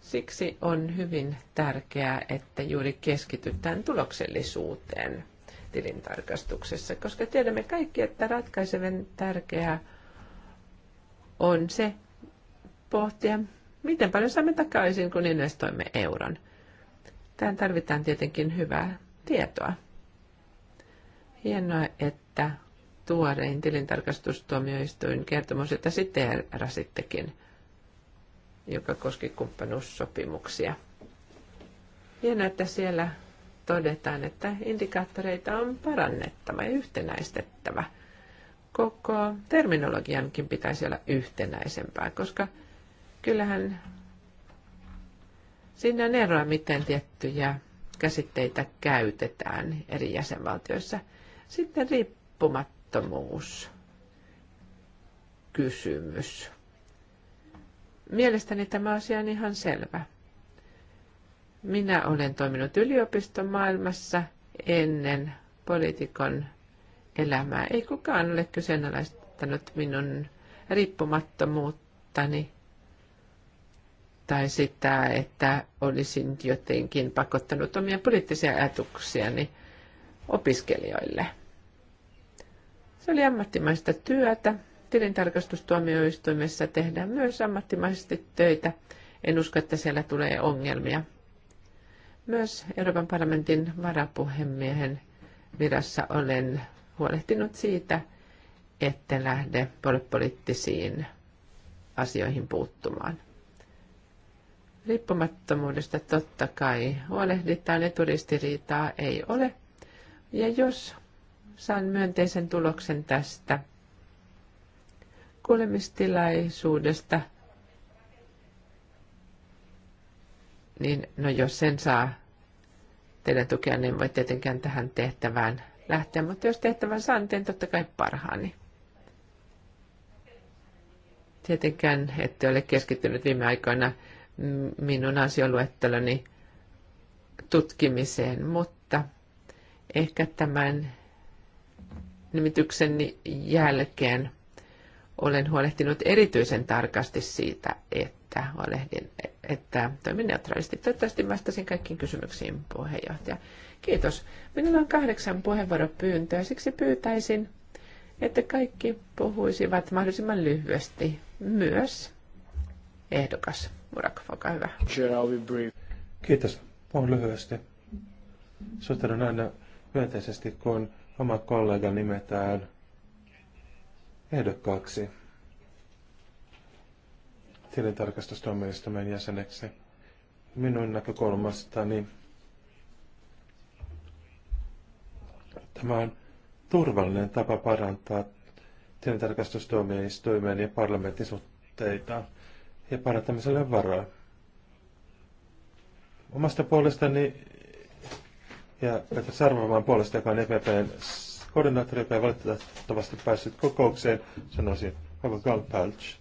Siksi on hyvin tärkeää, että juuri keskitytään tuloksellisuuteen tilintarkastuksessa, koska tiedämme kaikki, että ratkaisevan tärkeää on se pohtia, miten paljon saamme takaisin, kun investoimme euron. Tähän tarvitaan tietenkin hyvää tietoa. Hienoa, että tuorein tilintarkastustuomioistuin kertomus, jota sitten rasittekin, joka koski kumppanuussopimuksia. Hienoa, että siellä todetaan, että indikaattoreita on parannettava ja yhtenäistettävä. Koko terminologiankin pitäisi olla yhtenäisempää, koska kyllähän siinä on eroa, miten tiettyjä käsitteitä käytetään eri jäsenvaltioissa. Sitten riippumatta avoimuus kysymys. Mielestäni tämä asia on ihan selvä. Minä olen toiminut yliopistomaailmassa ennen poliitikon elämää. Ei kukaan ole kyseenalaistanut minun riippumattomuuttani tai sitä, että olisin jotenkin pakottanut omia poliittisia ajatuksiani opiskelijoille – se oli ammattimaista työtä. Tilintarkastustuomioistuimessa tehdään myös ammattimaisesti töitä. En usko, että siellä tulee ongelmia. Myös Euroopan parlamentin varapuhemiehen virassa olen huolehtinut siitä, että lähde poliittisiin asioihin puuttumaan. Riippumattomuudesta totta kai huolehditaan, eturistiriitaa ei ole. Ja jos sain myönteisen tuloksen tästä kuulemistilaisuudesta. Niin, no jos sen saa teidän tukea, niin voi tietenkään tähän tehtävään lähteä, mutta jos tehtävän saan, teen totta kai parhaani. Tietenkään ette ole keskittynyt viime aikoina minun ansioluetteloni tutkimiseen, mutta ehkä tämän nimitykseni jälkeen olen huolehtinut erityisen tarkasti siitä, että, olehdin, että toimin neutraalisti. Toivottavasti vastasin kaikkiin kysymyksiin, puheenjohtaja. Kiitos. Minulla on kahdeksan puheenvuoropyyntöä, siksi pyytäisin, että kaikki puhuisivat mahdollisimman lyhyesti. Myös ehdokas. Murak, olkaa hyvä.
Kiitos. Puhun lyhyesti. Suhtaudun aina myönteisesti, kun oma kollega nimetään ehdokkaaksi tilintarkastustuomioistuimen jäseneksi. Minun näkökulmastani tämä on turvallinen tapa parantaa tilintarkastustuomioistuimen ja parlamentin suhteita ja parantamiselle varaa. Omasta puolestani ja Petra Sarvamaan puolesta, joka on EPPn koordinaattori, joka ei valitettavasti päässyt kokoukseen, sanoisin, Rova Galpalch.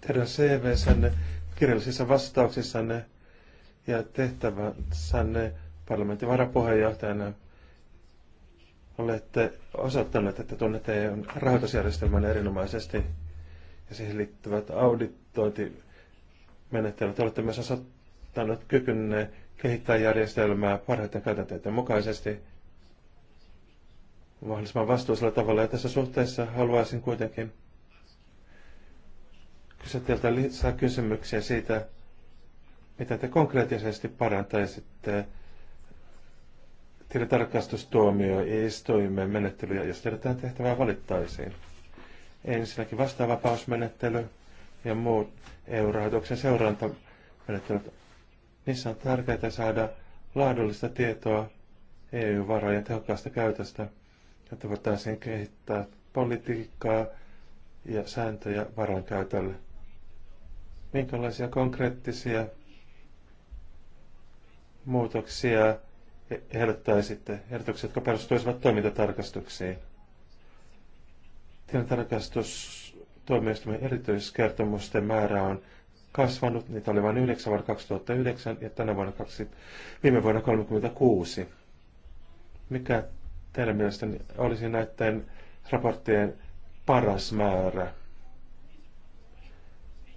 Teidän CV-sänne, kirjallisissa vastauksissanne ja tehtävänsänne parlamentin varapuheenjohtajana olette osoittaneet, että tunnette EUn rahoitusjärjestelmän erinomaisesti ja siihen liittyvät auditointimenettelyt. Olette myös osoittaneet kykynne kehittää järjestelmää parhaiten käytänteiden mukaisesti mahdollisimman vastuullisella tavalla. Ja tässä suhteessa haluaisin kuitenkin kysyä teiltä lisää kysymyksiä siitä, mitä te konkreettisesti parantaisitte tilintarkastustuomioistuimen menettelyjä, jos teidän tehtävää valittaisiin. Ensinnäkin vastaavapausmenettely ja muut EU-rahoituksen seurantamenettelyt Niissä on tärkeää saada laadullista tietoa EU-varojen tehokkaasta käytöstä, jotta voitaisiin kehittää politiikkaa ja sääntöjä varojen käytölle. Minkälaisia konkreettisia muutoksia ehdottaisitte, ehdotuksia, jotka perustuisivat toimintatarkastuksiin? Tilintarkastustuomioistuimen erityiskertomusten määrä on kasvanut. Niitä oli vain 9 vuonna 2009 ja tänä vuonna 20, viime vuonna 36. Mikä teidän mielestäni olisi näiden raporttien paras määrä?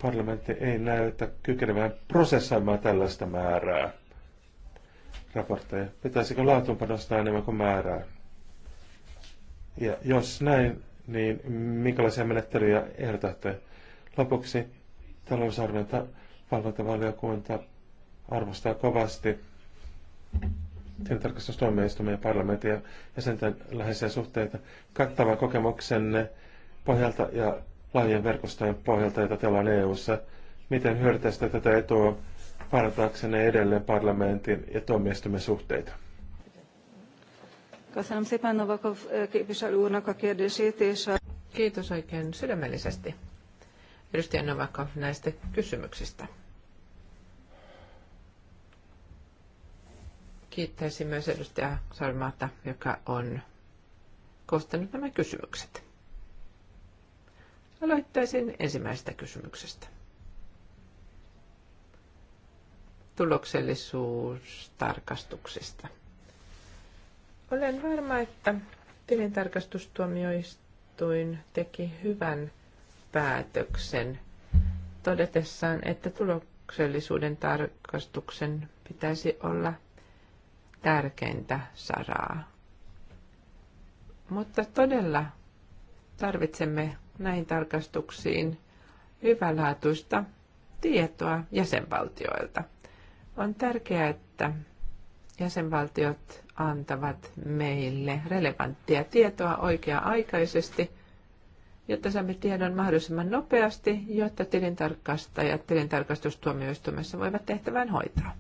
Parlamentti ei näytä kykenevän prosessoimaan tällaista määrää raportteja. Pitäisikö laatuun panostaa enemmän kuin määrää? Ja jos näin, niin minkälaisia menettelyjä ehdotatte? Lopuksi talousarviota valvontavaliokunta arvostaa kovasti tilintarkastustuomioistuimen ja parlamentin ja jäsenten läheisiä suhteita kattavan kokemuksenne pohjalta ja laajien verkostojen pohjalta, joita teillä on EU-ssa. Miten hyödytäisitte tätä etua parantaaksenne edelleen parlamentin ja tuomioistuimen suhteita?
Eh, Kiitos oikein sydämellisesti edustaja Novakka näistä kysymyksistä. Kiittäisin myös edustaja Sarmaata, joka on koostanut nämä kysymykset. Aloittaisin ensimmäisestä kysymyksestä. Tuloksellisuustarkastuksista. Olen varma, että tilintarkastustuomioistuin teki hyvän päätöksen todetessaan, että tuloksellisuuden tarkastuksen pitäisi olla tärkeintä saraa. Mutta todella tarvitsemme näihin tarkastuksiin hyvälaatuista tietoa jäsenvaltioilta. On tärkeää, että jäsenvaltiot antavat meille relevanttia tietoa oikea-aikaisesti – jotta saamme tiedon mahdollisimman nopeasti, jotta tilintarkastajat tilintarkastustuomioistuimessa voivat tehtävän hoitaa.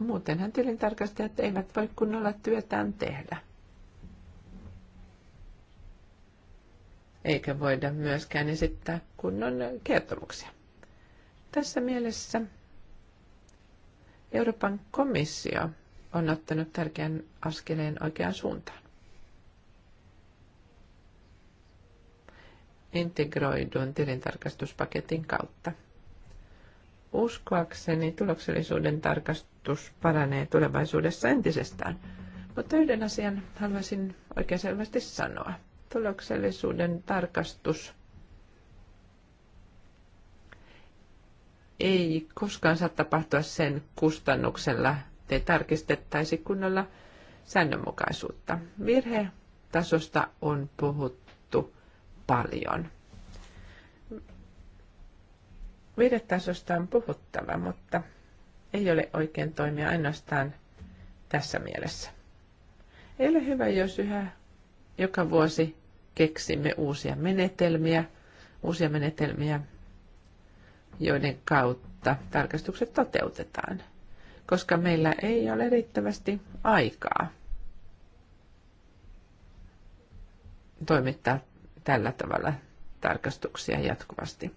Muutenhan tilintarkastajat eivät voi kunnolla työtään tehdä. Eikä voida myöskään esittää kunnon kertomuksia. Tässä mielessä Euroopan komissio on ottanut tärkeän askeleen oikeaan suuntaan. integroidun tilintarkastuspaketin kautta. Uskoakseni tuloksellisuuden tarkastus paranee tulevaisuudessa entisestään, mutta yhden asian haluaisin oikein selvästi sanoa. Tuloksellisuuden tarkastus ei koskaan saa tapahtua sen kustannuksella, ettei tarkistettaisi kunnolla säännönmukaisuutta. Virhetasosta on puhuttu paljon. Virhetasosta on puhuttava, mutta ei ole oikein toimia ainoastaan tässä mielessä. Ei ole hyvä, jos yhä joka vuosi keksimme uusia menetelmiä, uusia menetelmiä, joiden kautta tarkastukset toteutetaan koska meillä ei ole riittävästi aikaa toimittaa tällä tavalla tarkastuksia jatkuvasti.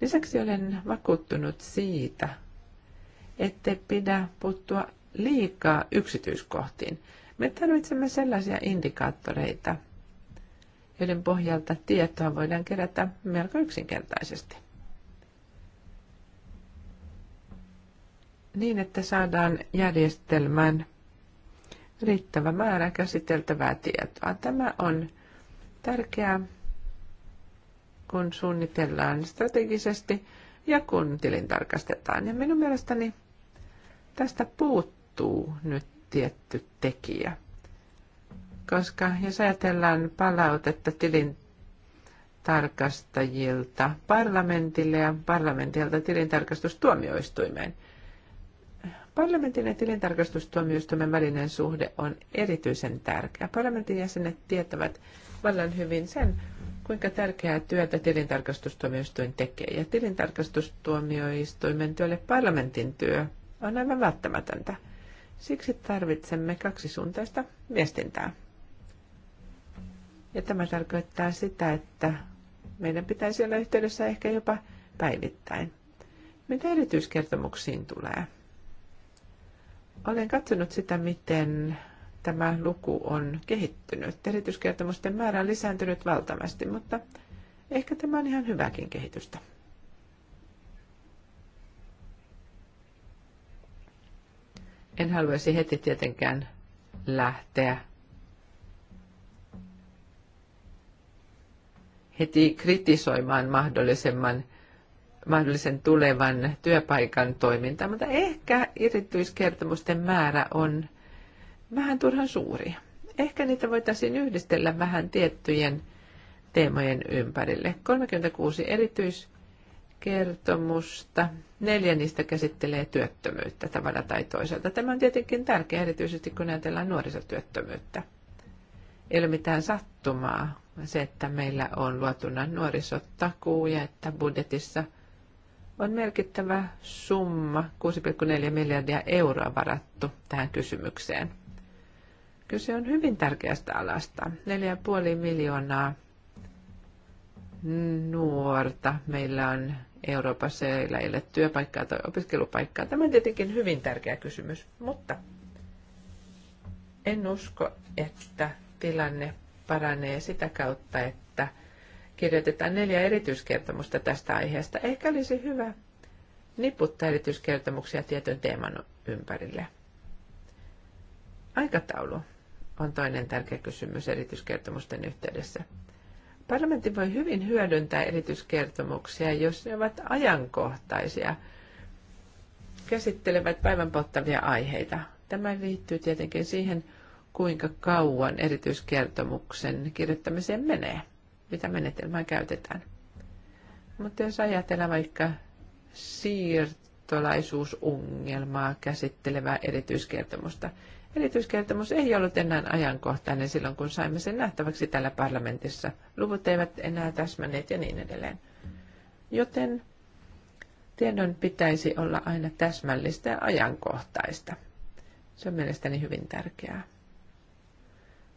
Lisäksi olen vakuuttunut siitä, ettei pidä puuttua liikaa yksityiskohtiin. Me tarvitsemme sellaisia indikaattoreita, joiden pohjalta tietoa voidaan kerätä melko yksinkertaisesti. niin, että saadaan järjestelmään riittävä määrä käsiteltävää tietoa. Tämä on tärkeää, kun suunnitellaan strategisesti ja kun tilintarkastetaan. Ja minun mielestäni tästä puuttuu nyt tietty tekijä. Koska jos ajatellaan palautetta tilintarkastajilta parlamentille ja parlamentilta tilintarkastustuomioistuimeen – Parlamentin ja tilintarkastustuomioistuimen välinen suhde on erityisen tärkeä. Parlamentin jäsenet tietävät vallan hyvin sen, kuinka tärkeää työtä tilintarkastustuomioistuin tekee. Ja tilintarkastustuomioistuimen työlle parlamentin työ on aivan välttämätöntä. Siksi tarvitsemme kaksisuuntaista viestintää. Ja tämä tarkoittaa sitä, että meidän pitäisi olla yhteydessä ehkä jopa päivittäin. Mitä erityiskertomuksiin tulee? Olen katsonut sitä, miten tämä luku on kehittynyt. Erityiskertomusten määrä on lisääntynyt valtavasti, mutta ehkä tämä on ihan hyväkin kehitystä. En haluaisi heti tietenkään lähteä heti kritisoimaan mahdollisimman mahdollisen tulevan työpaikan toimintaa, mutta ehkä erityiskertomusten määrä on vähän turhan suuri. Ehkä niitä voitaisiin yhdistellä vähän tiettyjen teemojen ympärille. 36 erityiskertomusta, neljä niistä käsittelee työttömyyttä tavalla tai toisaalta. Tämä on tietenkin tärkeä erityisesti, kun ajatellaan nuorisotyöttömyyttä. Ei ole mitään sattumaa se, että meillä on luotuna nuorisotakuu ja että budjetissa – on merkittävä summa, 6,4 miljardia euroa varattu tähän kysymykseen. Kyse on hyvin tärkeästä alasta. 4,5 miljoonaa nuorta meillä on Euroopassa, joilla ei ole työpaikkaa tai opiskelupaikkaa. Tämä on tietenkin hyvin tärkeä kysymys, mutta en usko, että tilanne paranee sitä kautta, että kirjoitetaan neljä erityiskertomusta tästä aiheesta. Ehkä olisi hyvä niputtaa erityiskertomuksia tietyn teeman ympärille. Aikataulu on toinen tärkeä kysymys erityiskertomusten yhteydessä. Parlamentti voi hyvin hyödyntää erityiskertomuksia, jos ne ovat ajankohtaisia, käsittelevät päivän polttavia aiheita. Tämä liittyy tietenkin siihen, kuinka kauan erityiskertomuksen kirjoittamiseen menee mitä menetelmää käytetään. Mutta jos ajatellaan vaikka siirtolaisuusongelmaa käsittelevää erityiskertomusta. Erityiskertomus ei ollut enää ajankohtainen silloin, kun saimme sen nähtäväksi täällä parlamentissa. Luvut eivät enää täsmänneet ja niin edelleen. Joten tiedon pitäisi olla aina täsmällistä ja ajankohtaista. Se on mielestäni hyvin tärkeää.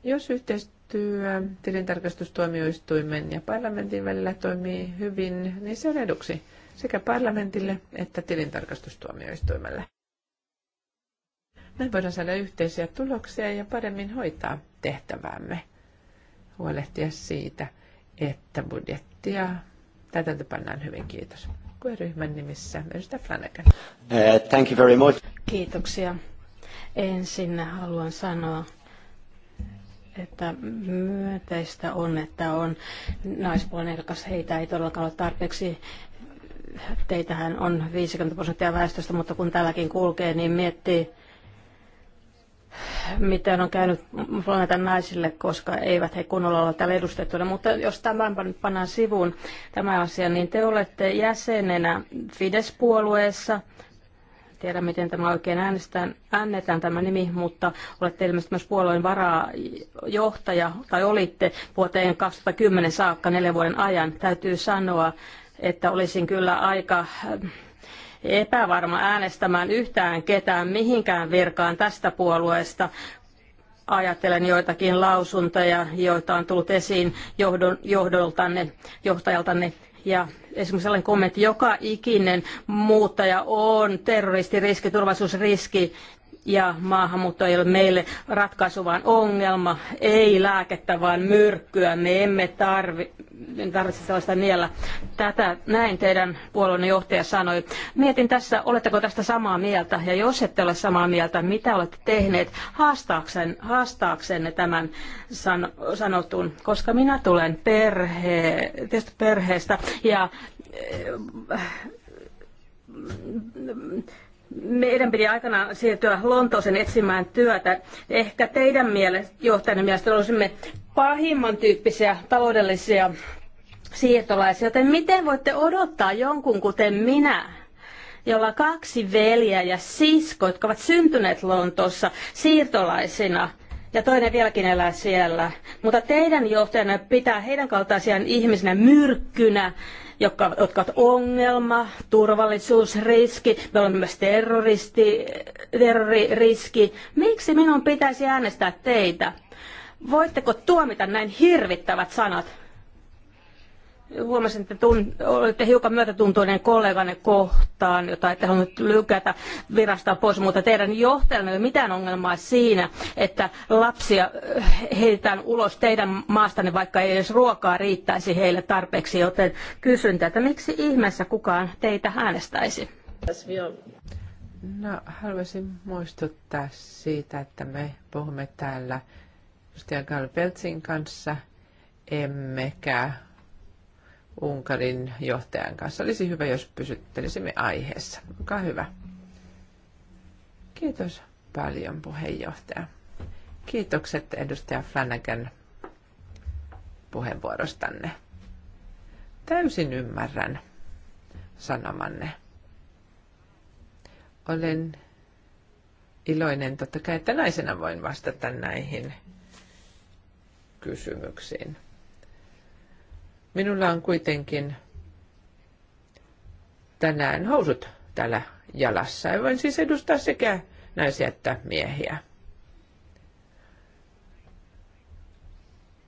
Jos yhteistyö tilintarkastustuomioistuimen ja parlamentin välillä toimii hyvin, niin se on eduksi sekä parlamentille että tilintarkastustuomioistuimelle. Näin voidaan saada yhteisiä tuloksia ja paremmin hoitaa tehtäväämme. Huolehtia siitä, että budjettia täytäntö pannaan hyvin. Kiitos. Ryhmän nimissä edustaja Flanagan. Uh, thank you very much.
Kiitoksia. Ensin haluan sanoa, että myönteistä on, että on naispuolen ehdokas. Heitä ei todellakaan ole tarpeeksi. Teitähän on 50 prosenttia väestöstä, mutta kun tälläkin kulkee, niin miettii, miten on käynyt planeetan naisille, koska eivät he kunnolla ole täällä edustettuina. Mutta jos tämän pannaan sivuun tämä asia, niin te olette jäsenenä Fides-puolueessa – tiedä, miten tämä oikein äänestään, äännetään tämä nimi, mutta olette ilmeisesti myös puolueen varajohtaja, tai olitte vuoteen 2010 saakka neljän vuoden ajan. Täytyy sanoa, että olisin kyllä aika eh, epävarma äänestämään yhtään ketään mihinkään virkaan tästä puolueesta, ajattelen joitakin lausuntoja, joita on tullut esiin johdon, johdoltanne, johtajaltanne. Ja esimerkiksi sellainen kommentti, joka ikinen muuttaja on terroristiriski, turvallisuusriski ja maahanmuutto ei ole meille ratkaisu, vaan ongelma, ei lääkettä, vaan myrkkyä. Me emme tarvi, en tarvitse sellaista niellä. Tätä näin teidän puolueenne johtaja sanoi. Mietin tässä, oletteko tästä samaa mieltä, ja jos ette ole samaa mieltä, mitä olette tehneet haastaaksenne, haastaaksenne tämän san, sanotun, koska minä tulen perhe, perheestä, ja äh, meidän piti aikana siirtyä Lontooseen etsimään työtä. Ehkä teidän mielestä, johtajana mielestä olisimme pahimman tyyppisiä taloudellisia siirtolaisia, joten miten voitte odottaa jonkun kuten minä, jolla kaksi veljeä ja sisko, jotka ovat syntyneet Lontoossa siirtolaisina – ja toinen vieläkin elää siellä. Mutta teidän johtajanne pitää heidän kaltaisiaan ihmisinä myrkkynä, jotka, jotka ovat ongelma, turvallisuusriski, me olemme myös terroristi, terroririski. Miksi minun pitäisi äänestää teitä? Voitteko tuomita näin hirvittävät sanat? huomasin, että tun, olette hiukan myötätuntoinen kolleganne kohtaan, jota ette halunnut lykätä virasta pois, mutta teidän johtajanne ei ole mitään ongelmaa siinä, että lapsia eh, heitetään ulos teidän maastanne, vaikka ei edes ruokaa riittäisi heille tarpeeksi, joten kysyn tätä, miksi ihmeessä kukaan teitä äänestäisi?
No, haluaisin muistuttaa siitä, että me puhumme täällä Karl Kalpeltsin kanssa, emmekä Unkarin johtajan kanssa. Olisi hyvä, jos pysyttelisimme aiheessa. Olkaa hyvä. Kiitos paljon puheenjohtaja. Kiitokset edustaja Flanagan puheenvuorostanne. Täysin ymmärrän sanomanne. Olen iloinen totta kai, että naisena voin vastata näihin kysymyksiin. Minulla on kuitenkin tänään housut täällä jalassa. Ja voin siis edustaa sekä naisia että miehiä.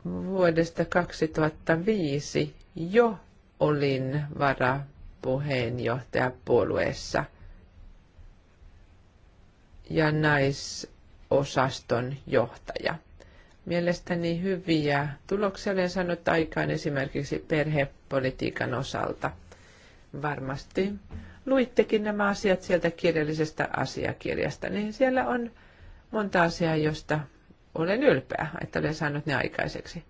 Vuodesta 2005 jo olin varapuheenjohtaja puolueessa ja naisosaston johtaja – mielestäni hyviä tuloksia olen saanut aikaan esimerkiksi perhepolitiikan osalta. Varmasti luittekin nämä asiat sieltä kirjallisesta asiakirjasta, niin siellä on monta asiaa, josta olen ylpeä, että olen saanut ne aikaiseksi.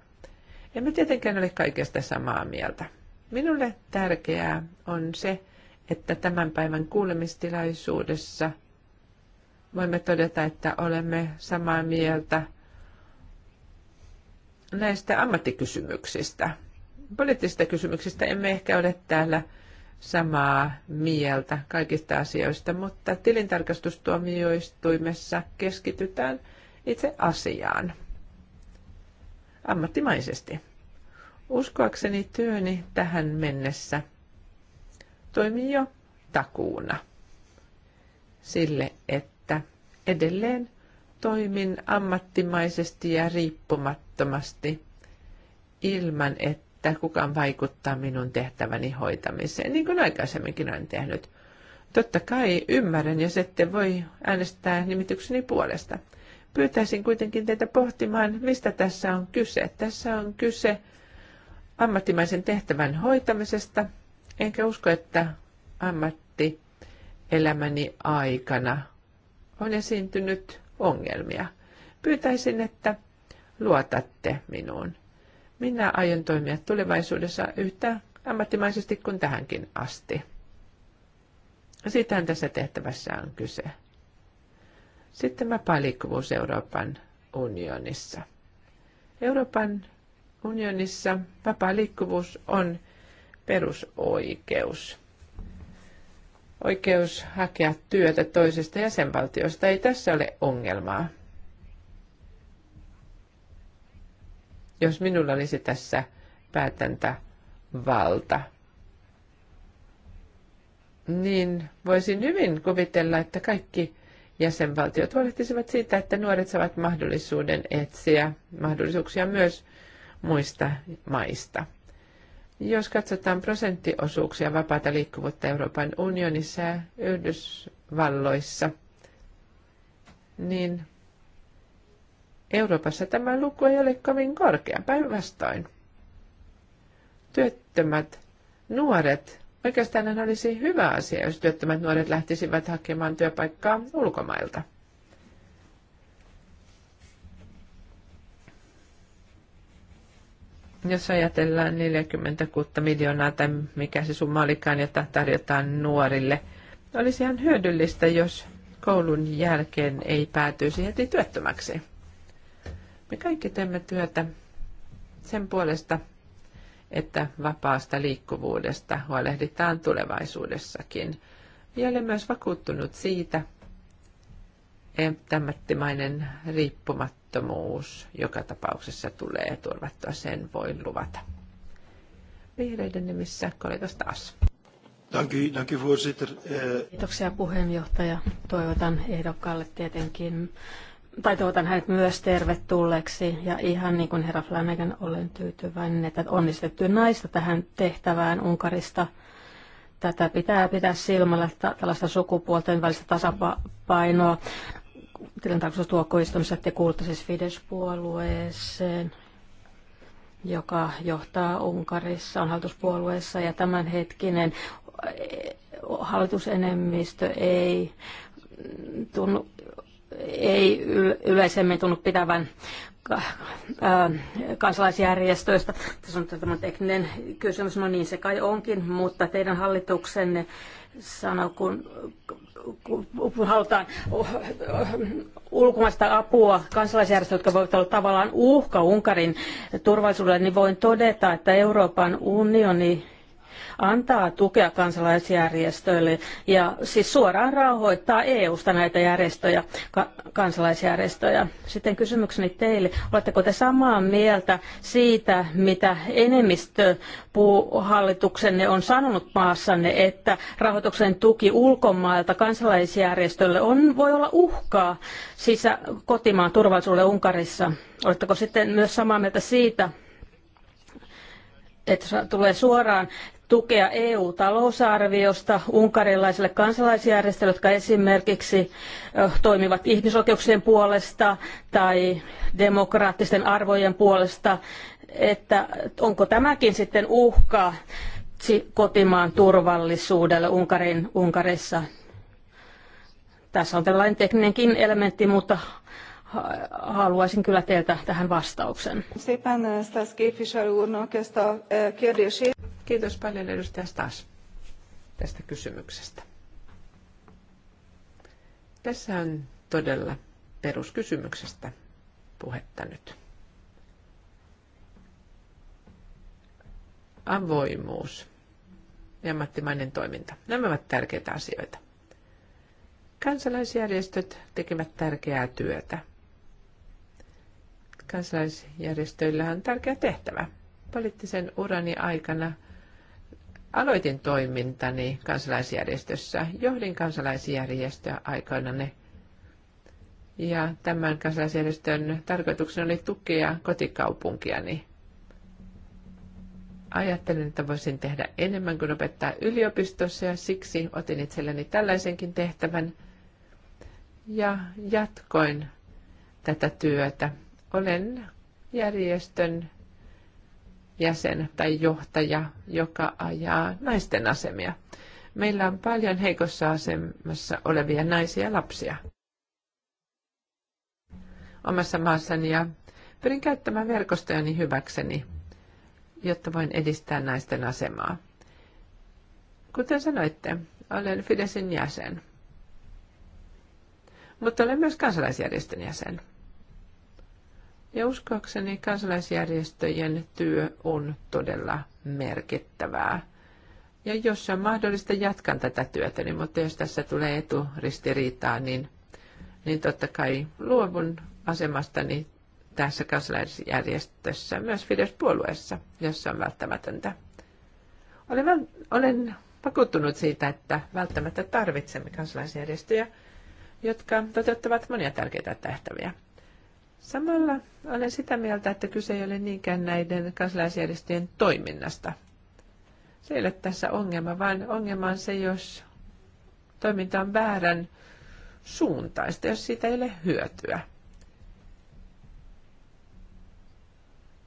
Emme tietenkään ole kaikesta samaa mieltä. Minulle tärkeää on se, että tämän päivän kuulemistilaisuudessa voimme todeta, että olemme samaa mieltä – näistä ammattikysymyksistä. Poliittisista kysymyksistä emme ehkä ole täällä samaa mieltä kaikista asioista, mutta tilintarkastustuomioistuimessa keskitytään itse asiaan ammattimaisesti. Uskoakseni työni tähän mennessä toimii jo takuuna sille, että edelleen toimin ammattimaisesti ja riippumatta riippumattomasti ilman, että kukaan vaikuttaa minun tehtäväni hoitamiseen, niin kuin aikaisemminkin olen tehnyt. Totta kai ymmärrän, jos ette voi äänestää nimitykseni puolesta. Pyytäisin kuitenkin teitä pohtimaan, mistä tässä on kyse. Tässä on kyse ammattimaisen tehtävän hoitamisesta, enkä usko, että ammattielämäni aikana on esiintynyt ongelmia. Pyytäisin, että luotatte minuun. Minä aion toimia tulevaisuudessa yhtä ammattimaisesti kuin tähänkin asti. Siitähän tässä tehtävässä on kyse. Sitten mä liikkuvuus Euroopan unionissa. Euroopan unionissa vapaa liikkuvuus on perusoikeus. Oikeus hakea työtä toisesta jäsenvaltiosta ei tässä ole ongelmaa. jos minulla olisi tässä päätäntävalta, niin voisin hyvin kuvitella, että kaikki jäsenvaltiot huolehtisivat siitä, että nuoret saavat mahdollisuuden etsiä mahdollisuuksia myös muista maista. Jos katsotaan prosenttiosuuksia vapaata liikkuvuutta Euroopan unionissa ja Yhdysvalloissa, niin Euroopassa tämä luku ei ole kovin korkea, päinvastoin. Työttömät nuoret, oikeastaan olisi hyvä asia, jos työttömät nuoret lähtisivät hakemaan työpaikkaa ulkomailta. Jos ajatellaan 46 miljoonaa tai mikä se summa olikaan, jota tarjotaan nuorille, olisi ihan hyödyllistä, jos koulun jälkeen ei päätyisi heti työttömäksi. Me kaikki teemme työtä sen puolesta, että vapaasta liikkuvuudesta huolehditaan tulevaisuudessakin Ja olen myös vakuuttunut siitä, että ammattimainen riippumattomuus joka tapauksessa tulee turvattua, sen voin luvata. Vihreiden nimissä kollegas taas. Eh, Kiitoksia puheenjohtaja.
Toivotan ehdokkaalle tietenkin tai toivotan hänet myös tervetulleeksi. Ja ihan niin kuin herra Flanagan, olen tyytyväinen, että onnistettu naista tähän tehtävään Unkarista. Tätä pitää pitää silmällä tällaista sukupuolten välistä tasapainoa. Tilintarkastus tuokkoistumissa, että te kuulutte siis Fidesz-puolueeseen, joka johtaa Unkarissa, on hallituspuolueessa ja tämänhetkinen eh, hallitusenemmistö ei tunnu ei yleisemmin tunnu pitävän äh, kansalaisjärjestöistä. Tässä on tämä tekninen kysymys, no niin se kai onkin, mutta teidän hallituksenne sanoi, kun, kun halutaan oh, oh, ulkomaista apua kansalaisjärjestöt, jotka voivat olla tavallaan uhka Unkarin turvallisuudelle, niin voin todeta, että Euroopan unioni antaa tukea kansalaisjärjestöille ja siis suoraan rauhoittaa EU-sta näitä järjestöjä, ka- kansalaisjärjestöjä. Sitten kysymykseni teille, oletteko te samaa mieltä siitä, mitä enemmistö hallituksenne on sanonut maassanne, että rahoituksen tuki ulkomailta kansalaisjärjestölle on, voi olla uhkaa sisä kotimaan turvallisuudelle Unkarissa? Oletteko sitten myös samaa mieltä siitä, että tulee suoraan tukea EU-talousarviosta unkarilaisille kansalaisjärjestöille, jotka esimerkiksi toimivat ihmisoikeuksien puolesta tai demokraattisten arvojen puolesta, että onko tämäkin sitten uhka kotimaan turvallisuudelle Unkarin, Unkarissa. Tässä on tällainen tekninenkin elementti, mutta haluaisin kyllä teiltä tähän vastauksen.
Eh, eh, Kiitos paljon edustaja Stas tästä kysymyksestä. Tässä on todella peruskysymyksestä puhetta nyt. Avoimuus ja ammattimainen toiminta. Nämä ovat tärkeitä asioita. Kansalaisjärjestöt tekevät tärkeää työtä Kansalaisjärjestöillä on tärkeä tehtävä. Poliittisen urani aikana aloitin toimintani kansalaisjärjestössä. Johdin kansalaisjärjestöä aikoinani. Ja tämän kansalaisjärjestön tarkoituksena oli tukea kotikaupunkiani. Ajattelin, että voisin tehdä enemmän kuin opettaa yliopistossa ja siksi otin itselleni tällaisenkin tehtävän ja jatkoin tätä työtä olen järjestön jäsen tai johtaja, joka ajaa naisten asemia. Meillä on paljon heikossa asemassa olevia naisia ja lapsia omassa maassani ja pyrin käyttämään verkostojani hyväkseni, jotta voin edistää naisten asemaa. Kuten sanoitte, olen Fidesin jäsen, mutta olen myös kansalaisjärjestön jäsen. Ja uskoakseni kansalaisjärjestöjen työ on todella merkittävää. Ja jos on mahdollista, jatkan tätä työtä, niin, mutta jos tässä tulee eturistiriitaa, niin, niin totta kai luovun asemastani niin tässä kansalaisjärjestössä, myös Fidesz-puolueessa, jossa on välttämätöntä. Olen, olen vakuuttunut siitä, että välttämättä tarvitsemme kansalaisjärjestöjä, jotka toteuttavat monia tärkeitä tehtäviä. Samalla olen sitä mieltä, että kyse ei ole niinkään näiden kansalaisjärjestöjen toiminnasta. Se ei ole tässä ongelma, vaan ongelma on se, jos toiminta on väärän suuntaista, jos siitä ei ole hyötyä.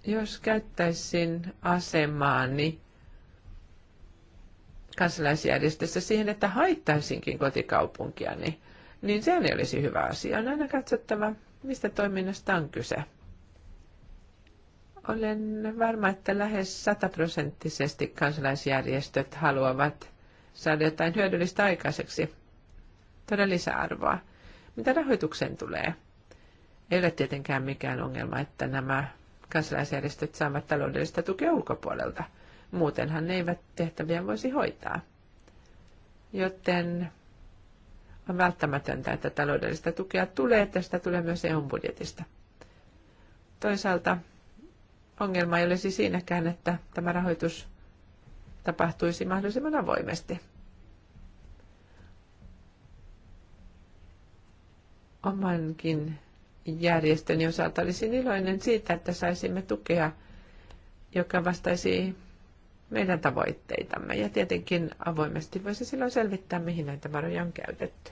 Jos käyttäisin asemaani kansalaisjärjestössä siihen, että haittaisinkin kotikaupunkiani, niin sehän ei olisi hyvä asia. On aina katsottava, Mistä toiminnasta on kyse? Olen varma, että lähes sataprosenttisesti kansalaisjärjestöt haluavat saada jotain hyödyllistä aikaiseksi. Todella lisäarvoa. Mitä rahoitukseen tulee? Ei ole tietenkään mikään ongelma, että nämä kansalaisjärjestöt saavat taloudellista tukea ulkopuolelta. Muutenhan ne eivät tehtäviä voisi hoitaa. Joten on välttämätöntä, että taloudellista tukea tulee, että sitä tulee myös eu budjetista. Toisaalta ongelma ei olisi siinäkään, että tämä rahoitus tapahtuisi mahdollisimman avoimesti. Omankin järjestöni osalta olisin iloinen siitä, että saisimme tukea, joka vastaisi meidän tavoitteitamme. Ja tietenkin avoimesti voisi silloin selvittää, mihin näitä varoja on käytetty.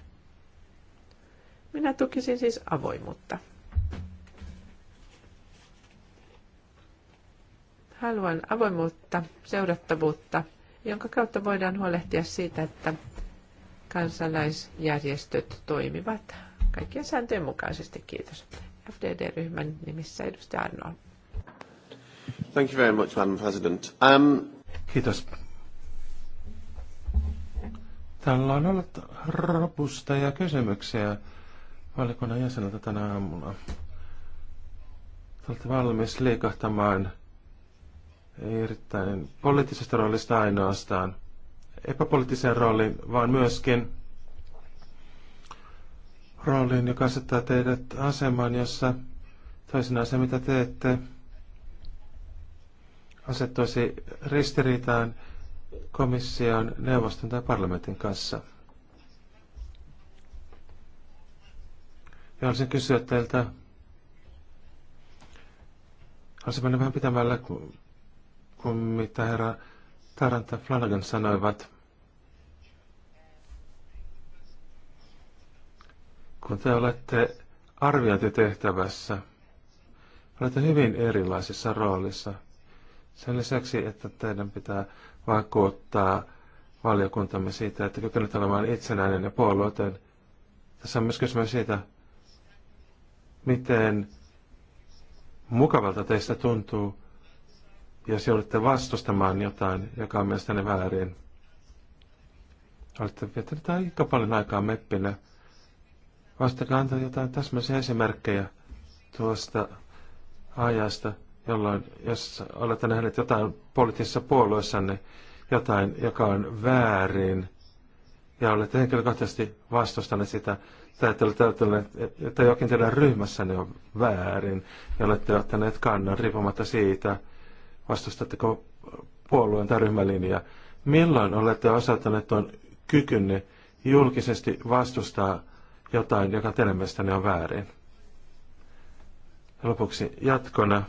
Minä tukisin siis avoimuutta. Haluan avoimuutta, seurattavuutta, jonka kautta voidaan huolehtia siitä, että kansalaisjärjestöt toimivat kaikkien sääntöjen mukaisesti. Kiitos. FDD-ryhmän nimissä edustaja Arnold.
Thank you very much, Madam President. Um... Kiitos. Täällä on ollut robusteja kysymyksiä valiokunnan jäseneltä tänä aamuna. Olette valmis liikahtamaan erittäin poliittisesta roolista ainoastaan epäpoliittiseen rooliin, vaan myöskin rooliin, joka asettaa teidät asemaan, jossa toisinaan se, mitä teette, asettuisi ristiriitaan komission, neuvoston tai parlamentin kanssa. Ja haluaisin kysyä teiltä, haluaisin mennä vähän pitämällä kuin mitä herra Taranta Flanagan sanoivat. Kun te olette arviointitehtävässä, olette hyvin erilaisissa roolissa. Sen lisäksi, että teidän pitää vakuuttaa valiokuntamme siitä, että kykenette olemaan itsenäinen ja puolueiden. Tässä on myös kysymys siitä, miten mukavalta teistä tuntuu, jos joudutte vastustamaan jotain, joka on mielestäni väärin. Olette viettäneet aika paljon aikaa meppinä. Voisitteko antaa jotain täsmäisiä esimerkkejä tuosta ajasta, jolloin jos olette nähneet jotain poliittisessa puolueessanne, jotain, joka on väärin, ja olette henkilökohtaisesti vastustaneet sitä, tai että olette ottaneet, että jokin teidän ryhmässänne on väärin, ja olette ottaneet kannan riippumatta siitä, vastustatteko puolueen tai ryhmälinjaa. Milloin olette osoittaneet tuon kykynne julkisesti vastustaa jotain, joka teidän mielestänne on väärin? lopuksi jatkona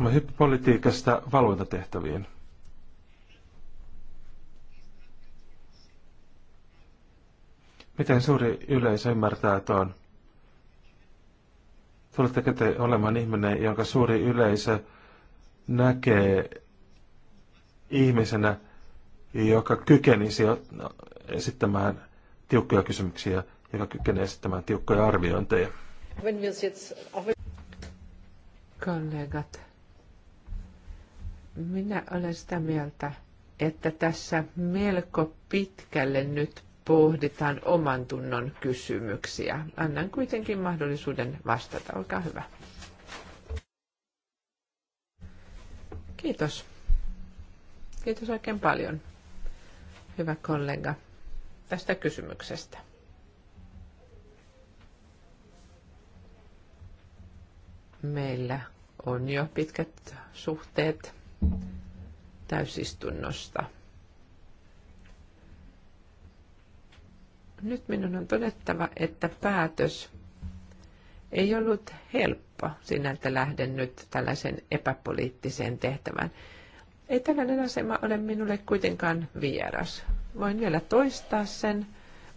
Tämä hyppy politiikasta valvontatehtäviin. Miten suuri yleisö ymmärtää tuon? Tuletteko te olemaan ihminen, jonka suuri yleisö näkee ihmisenä, joka kykenisi no, esittämään tiukkoja kysymyksiä, joka kykenee esittämään tiukkoja arviointeja?
Kollegat, minä olen sitä mieltä, että tässä melko pitkälle nyt pohditaan oman tunnon kysymyksiä. Annan kuitenkin mahdollisuuden vastata. Olkaa hyvä. Kiitos. Kiitos oikein paljon, hyvä kollega, tästä kysymyksestä. Meillä on jo pitkät suhteet täysistunnosta. Nyt minun on todettava, että päätös ei ollut helppo sinältä lähden nyt tällaisen epäpoliittiseen tehtävään. Ei tällainen asema ole minulle kuitenkaan vieras. Voin vielä toistaa sen,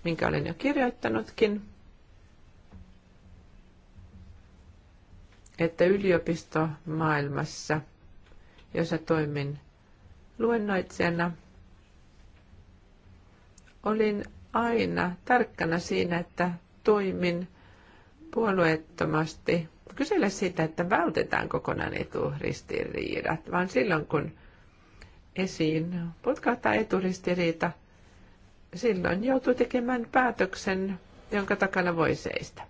minkä olen jo kirjoittanutkin, että yliopistomaailmassa – jossa toimin luennoitsijana, olin aina tarkkana siinä, että toimin puolueettomasti. Kysellä sitä, että vältetään kokonaan eturistiriidat, vaan silloin kun esiin putkahtaa eturistiriita, silloin joutuu tekemään päätöksen, jonka takana voi seistä.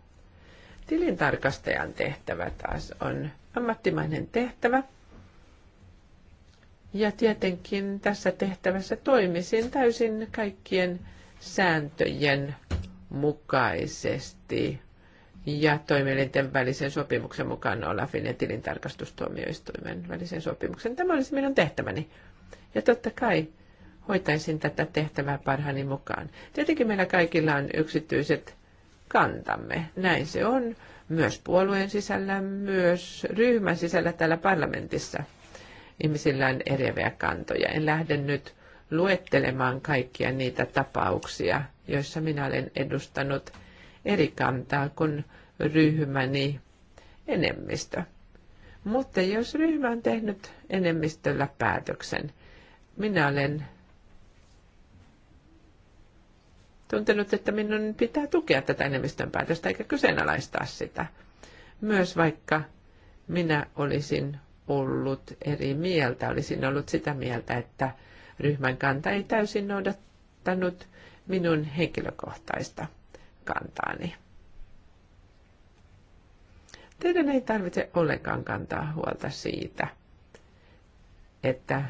Tilintarkastajan tehtävä taas on ammattimainen tehtävä, ja tietenkin tässä tehtävässä toimisin täysin kaikkien sääntöjen mukaisesti ja toimielinten välisen sopimuksen mukaan Olafin ja tilintarkastustuomioistuimen välisen sopimuksen. Tämä olisi minun tehtäväni. Ja totta kai hoitaisin tätä tehtävää parhaani mukaan. Tietenkin meillä kaikilla on yksityiset kantamme. Näin se on myös puolueen sisällä, myös ryhmän sisällä täällä parlamentissa ihmisillä on eriäviä kantoja. En lähde nyt luettelemaan kaikkia niitä tapauksia, joissa minä olen edustanut eri kantaa kuin ryhmäni enemmistö. Mutta jos ryhmä on tehnyt enemmistöllä päätöksen, minä olen tuntenut, että minun pitää tukea tätä enemmistön päätöstä eikä kyseenalaistaa sitä. Myös vaikka minä olisin ollut eri mieltä. Olisin ollut sitä mieltä, että ryhmän kanta ei täysin noudattanut minun henkilökohtaista kantaani. Teidän ei tarvitse ollenkaan kantaa huolta siitä, että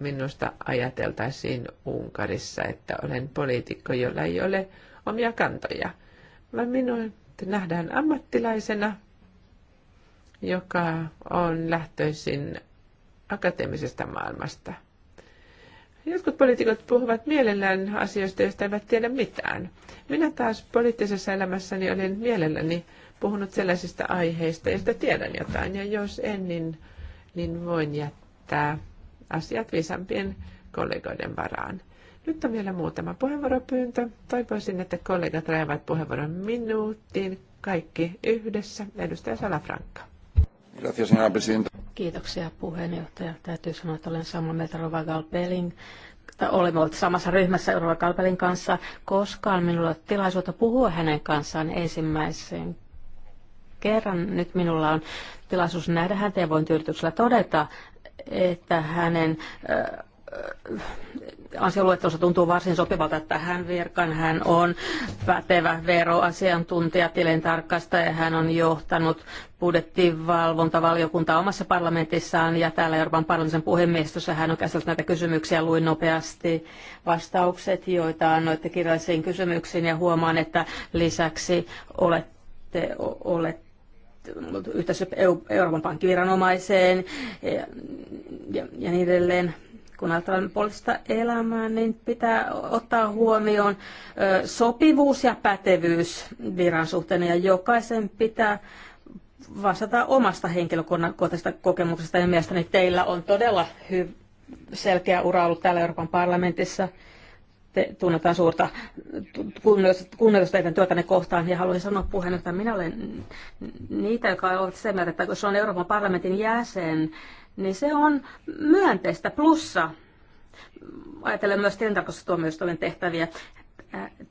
minusta ajateltaisiin Unkarissa, että olen poliitikko, jolla ei ole omia kantoja, vaan minun nähdään ammattilaisena – joka on lähtöisin akateemisesta maailmasta. Jotkut poliitikot puhuvat mielellään asioista, joista eivät tiedä mitään. Minä taas poliittisessa elämässäni olen mielelläni puhunut sellaisista aiheista, joista tiedän jotain, ja jos en, niin, niin voin jättää asiat viisampien kollegoiden varaan. Nyt on vielä muutama puheenvuoropyyntö. Toivoisin, että kollegat rajavat puheenvuoron minuuttiin kaikki yhdessä. Edustaja Salafrankka.
Gracias, señora presidenta.
Kiitoksia puheenjohtaja. Täytyy
sanoa, että olen samaa mieltä Rova Galpelin olemme olleet samassa ryhmässä Euroopan Kalpelin kanssa. Koskaan minulla ei ole tilaisuutta puhua hänen kanssaan ensimmäisen kerran. Nyt minulla on tilaisuus nähdä häntä ja voin tyydytyksellä todeta, että hänen äh, asialuettelossa tuntuu varsin sopivalta että hän virkan. Hän on pätevä veroasiantuntija, tilintarkastaja. Hän on johtanut budjettivalvontavaliokuntaa omassa parlamentissaan ja täällä Euroopan parlamentin puhemiestössä hän on käsitellyt näitä kysymyksiä. Luin nopeasti vastaukset, joita annoitte kirjallisiin kysymyksiin ja huomaan, että lisäksi olette, olette yhteisö Euroopan pankkiviranomaiseen ja, ja, ja niin edelleen kun ajatellaan poliittista elämää, niin pitää ottaa huomioon sopivuus ja pätevyys viran suhteen ja jokaisen pitää vastata omasta henkilökohtaisesta kokemuksesta ja mielestäni teillä on todella hy- selkeä ura ollut täällä Euroopan parlamentissa. Te tunnetaan suurta kunnioitusta teidän työtänne kohtaan ja haluaisin sanoa puheenjohtaja, minä olen niitä, jotka ovat sen mieltä, että kun se on Euroopan parlamentin jäsen, niin se on myönteistä plussa. Ajatellen myös tilintarkastustuomioistuimen tehtäviä.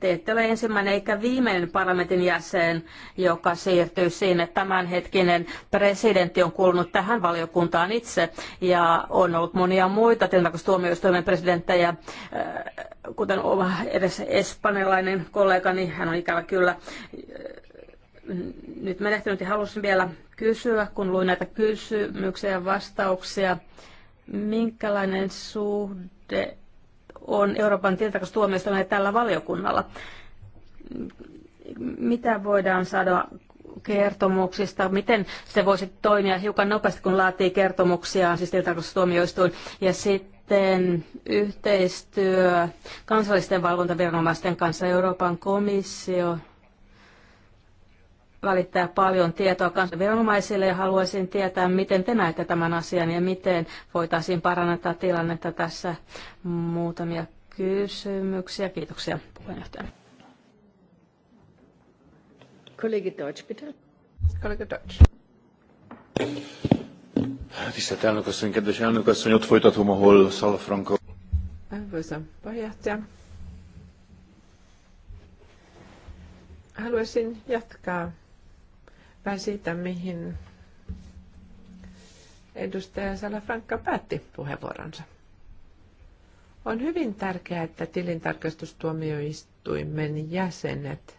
Te ette ole ensimmäinen eikä viimeinen parlamentin jäsen, joka siirtyy sinne. Tämänhetkinen presidentti on kuulunut tähän valiokuntaan itse ja on ollut monia muita tilintarkastustuomioistuimen presidenttejä, äh, kuten oma edes espanjalainen kollegani, hän on ikävä kyllä äh, nyt menehtynyt ja halusin vielä kysyä, kun luin näitä kysymyksiä ja vastauksia, minkälainen suhde on Euroopan tilintarkastustuomioistuimella tällä valiokunnalla? Mitä voidaan saada kertomuksista, miten se voisi toimia hiukan nopeasti, kun laatii kertomuksiaan, siis tilintarkastustuomioistuin, ja sitten yhteistyö kansallisten valvontaviranomaisten kanssa Euroopan komissio välittää paljon tietoa kansanviranomaisille ja haluaisin tietää, miten te näette tämän asian ja miten voitaisiin parantaa tilannetta tässä. Muutamia kysymyksiä. Kiitoksia
puheenjohtaja. Kollegi Deutsch, bitte. Kollega Deutsch.
Tisztelt kedves elnök ott folytatom, ahol Salafranco.
Arvoisa puheenjohtaja. Haluaisin jatkaa vähän siitä, mihin edustaja Salafrankka päätti puheenvuoronsa. On hyvin tärkeää, että tilintarkastustuomioistuimen jäsenet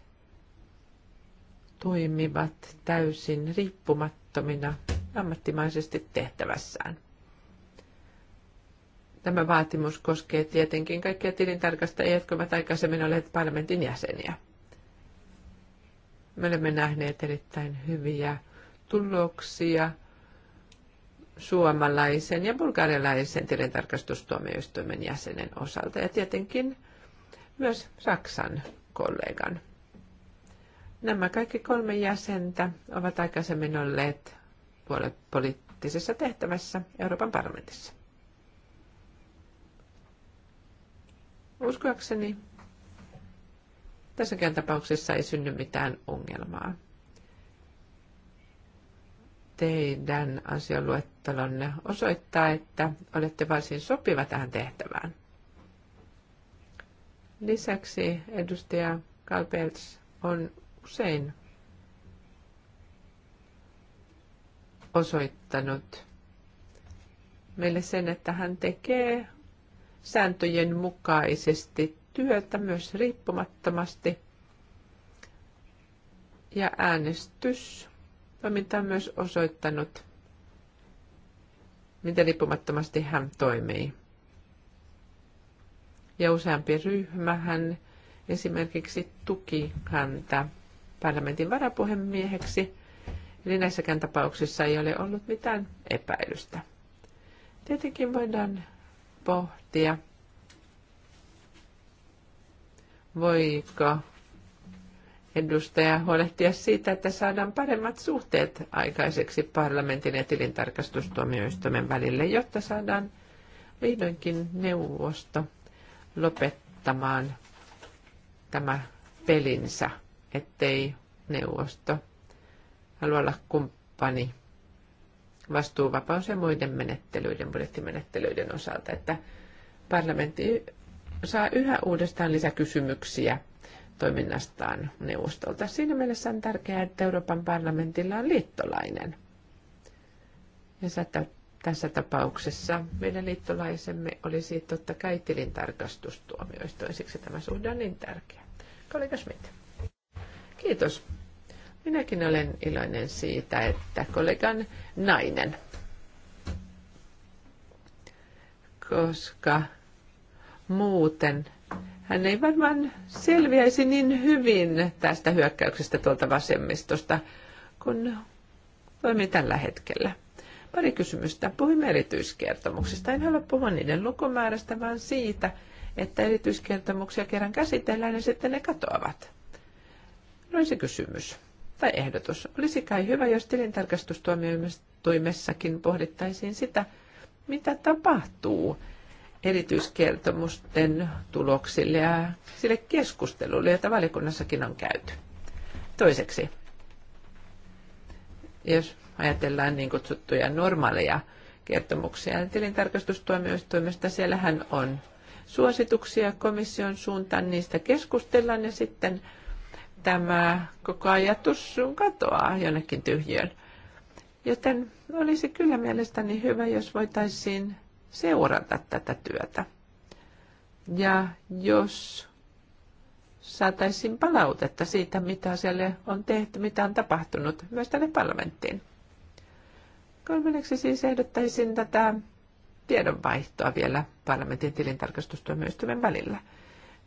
toimivat täysin riippumattomina ammattimaisesti tehtävässään. Tämä vaatimus koskee tietenkin kaikkia tilintarkastajia, jotka ovat aikaisemmin olleet parlamentin jäseniä. Me olemme nähneet erittäin hyviä tuloksia suomalaisen ja bulgarialaisen tilintarkastustuomioistuimen jäsenen osalta ja tietenkin myös Saksan kollegan. Nämä kaikki kolme jäsentä ovat aikaisemmin olleet poliittisessa tehtävässä Euroopan parlamentissa. Uskoakseni Tässäkään tapauksessa ei synny mitään ongelmaa. Teidän ansioluettelonne osoittaa, että olette varsin sopiva tähän tehtävään. Lisäksi edustaja Kalpels on usein osoittanut meille sen, että hän tekee sääntöjen mukaisesti työtä myös riippumattomasti. Ja äänestys on myös osoittanut, miten riippumattomasti hän toimii. Ja useampi ryhmä hän esimerkiksi tuki häntä parlamentin varapuhemieheksi, eli näissäkään tapauksissa ei ole ollut mitään epäilystä. Tietenkin voidaan pohtia, Voiko edustaja huolehtia siitä, että saadaan paremmat suhteet aikaiseksi parlamentin ja tilintarkastustuomioistuimen välille, jotta saadaan vihdoinkin neuvosto lopettamaan tämä pelinsä, ettei neuvosto halua olla kumppani vastuuvapaus ja muiden menettelyiden, budjettimenettelyiden osalta, että parlamentti saa yhä uudestaan lisäkysymyksiä toiminnastaan neuvostolta. Siinä mielessä on tärkeää, että Euroopan parlamentilla on liittolainen. Ja tässä tapauksessa meidän liittolaisemme olisi totta kai tilintarkastustuomioistuin, siksi tämä suhde on niin tärkeä. Kollega Schmidt. Kiitos. Minäkin olen iloinen siitä, että kollegan nainen, koska Muuten hän ei varmaan selviäisi niin hyvin tästä hyökkäyksestä tuolta vasemmistosta, kun toimii tällä hetkellä. Pari kysymystä. Puhuimme erityiskertomuksista. En halua puhua niiden lukumäärästä, vaan siitä, että erityiskertomuksia kerran käsitellään ja sitten ne katoavat. No se kysymys tai ehdotus. Olisi kai hyvä, jos tilintarkastustuomioistuimessakin pohdittaisiin sitä, mitä tapahtuu – erityiskertomusten tuloksille ja sille keskustelulle, jota valikunnassakin on käyty. Toiseksi, jos ajatellaan niin kutsuttuja normaaleja kertomuksia tilintarkastustuomioistuimesta, siellähän on suosituksia komission suuntaan, niistä keskustellaan ja sitten tämä koko ajatus katoaa jonnekin tyhjön. Joten olisi kyllä mielestäni hyvä, jos voitaisiin seurata tätä työtä. Ja jos saataisiin palautetta siitä, mitä siellä on tehty, mitä on tapahtunut myös tänne parlamenttiin. Kolmanneksi siis ehdottaisin tätä tiedonvaihtoa vielä parlamentin tilintarkastustuomioistuimen välillä.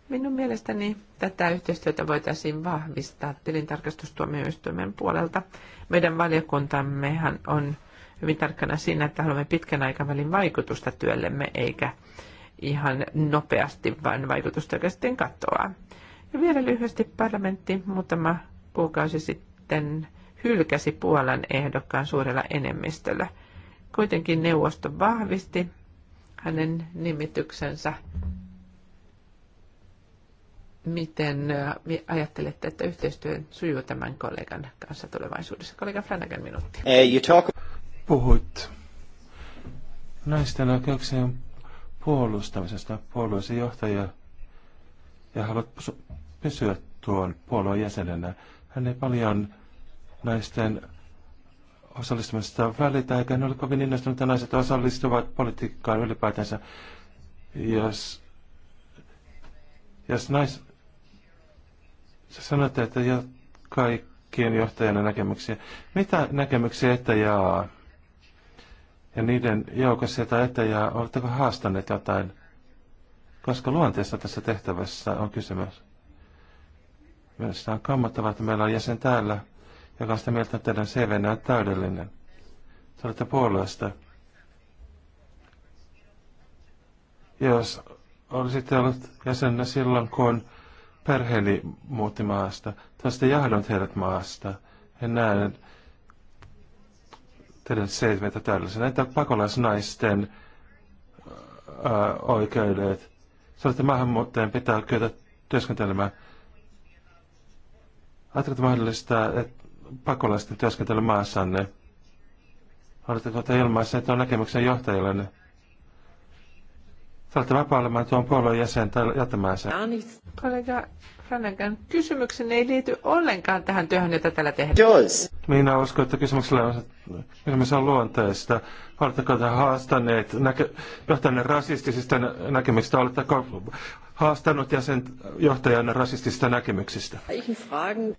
Minun mielestäni tätä yhteistyötä voitaisiin vahvistaa tilintarkastustuomioistuimen puolelta. Meidän valiokuntammehan on hyvin tarkkana siinä, että haluamme pitkän aikavälin vaikutusta työllemme, eikä ihan nopeasti, vaan vaikutusta, joka sitten katoaa. Ja vielä lyhyesti parlamentti muutama kuukausi sitten hylkäsi Puolan ehdokkaan suurella enemmistöllä. Kuitenkin neuvosto vahvisti hänen nimityksensä. Miten äh, ajattelette, että yhteistyön sujuu tämän kollegan kanssa tulevaisuudessa? Kollega Flanagan minuutti. Eh,
puhuit naisten oikeuksien puolustamisesta puolueesi johtaja ja haluat pysyä tuon puolueen jäsenenä. Hän ei paljon naisten osallistumista välitä, eikä hän ole kovin innostunut, että naiset osallistuvat politiikkaan ylipäätänsä. Jos, jos nais... Sä sanotte, että kaikkien johtajana näkemyksiä. Mitä näkemyksiä että jaa? ja niiden joukossa, tai etäjää, oletteko haastaneet jotain? Koska luonteessa tässä tehtävässä on kysymys. Mielestäni on kammottavaa, että meillä on jäsen täällä, joka on sitä mieltä, että teidän CV on täydellinen. Te olette puolueesta. Jos olisitte ollut jäsenä silloin, kun perheeni muutti maasta, te olisitte jahdonut heidät maasta. He näen tehnyt selviä täydellisen. Entä pakolaisnaisten ää, äh, oikeudet? että maahanmuuttajien pitää kyetä työskentelemään. Ajatteko mahdollista, että pakolaisten työskentely maassanne? Oletteko te että on näkemyksen johtajillenne? Saatte vapaa vapailemaan tuon puolueen jäsen tai jättämään sen.
Kollega Flanagan, kysymykseni ei liity ollenkaan tähän työhön, jota täällä tehdään. Jois.
Niin, Minä uskon, että kysymyksellä on, kysymys on luonteesta. Oletteko te haastaneet näke, johtaneet rasistisista näkemyksistä? Oletteko haastanut jäsen johtajan rasistista näkemyksistä.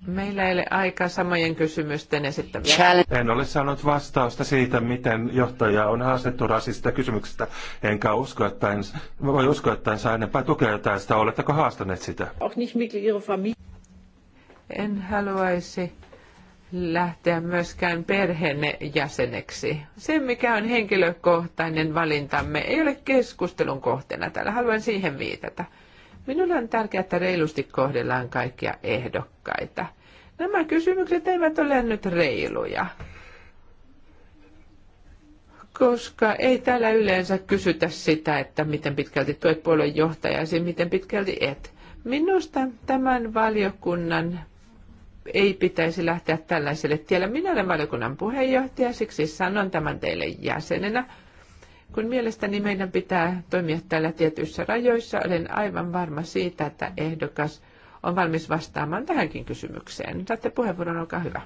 Meillä ei ole aikaa samojen kysymysten esittämiseen.
En ole saanut vastausta siitä, miten johtaja on haastettu rasistista kysymyksistä, enkä usko, että en, voi uskoa, että en saa enempää tukea tästä. Oletteko haastaneet sitä?
En haluaisi lähteä myöskään perheenne jäseneksi. Se, mikä on henkilökohtainen valintamme, ei ole keskustelun kohteena täällä. Haluan siihen viitata. Minulle on tärkeää, että reilusti kohdellaan kaikkia ehdokkaita. Nämä kysymykset eivät ole nyt reiluja, koska ei täällä yleensä kysytä sitä, että miten pitkälti tuet puolueen johtajasi, miten pitkälti et. Minusta tämän valiokunnan ei pitäisi lähteä tällaiselle tielle. Minä olen valiokunnan puheenjohtaja, siksi sanon tämän teille jäsenenä kun mielestäni meidän pitää toimia täällä tietyissä rajoissa, olen aivan varma siitä, että ehdokas on valmis vastaamaan tähänkin kysymykseen. Saatte puheenvuoron, olkaa hyvä.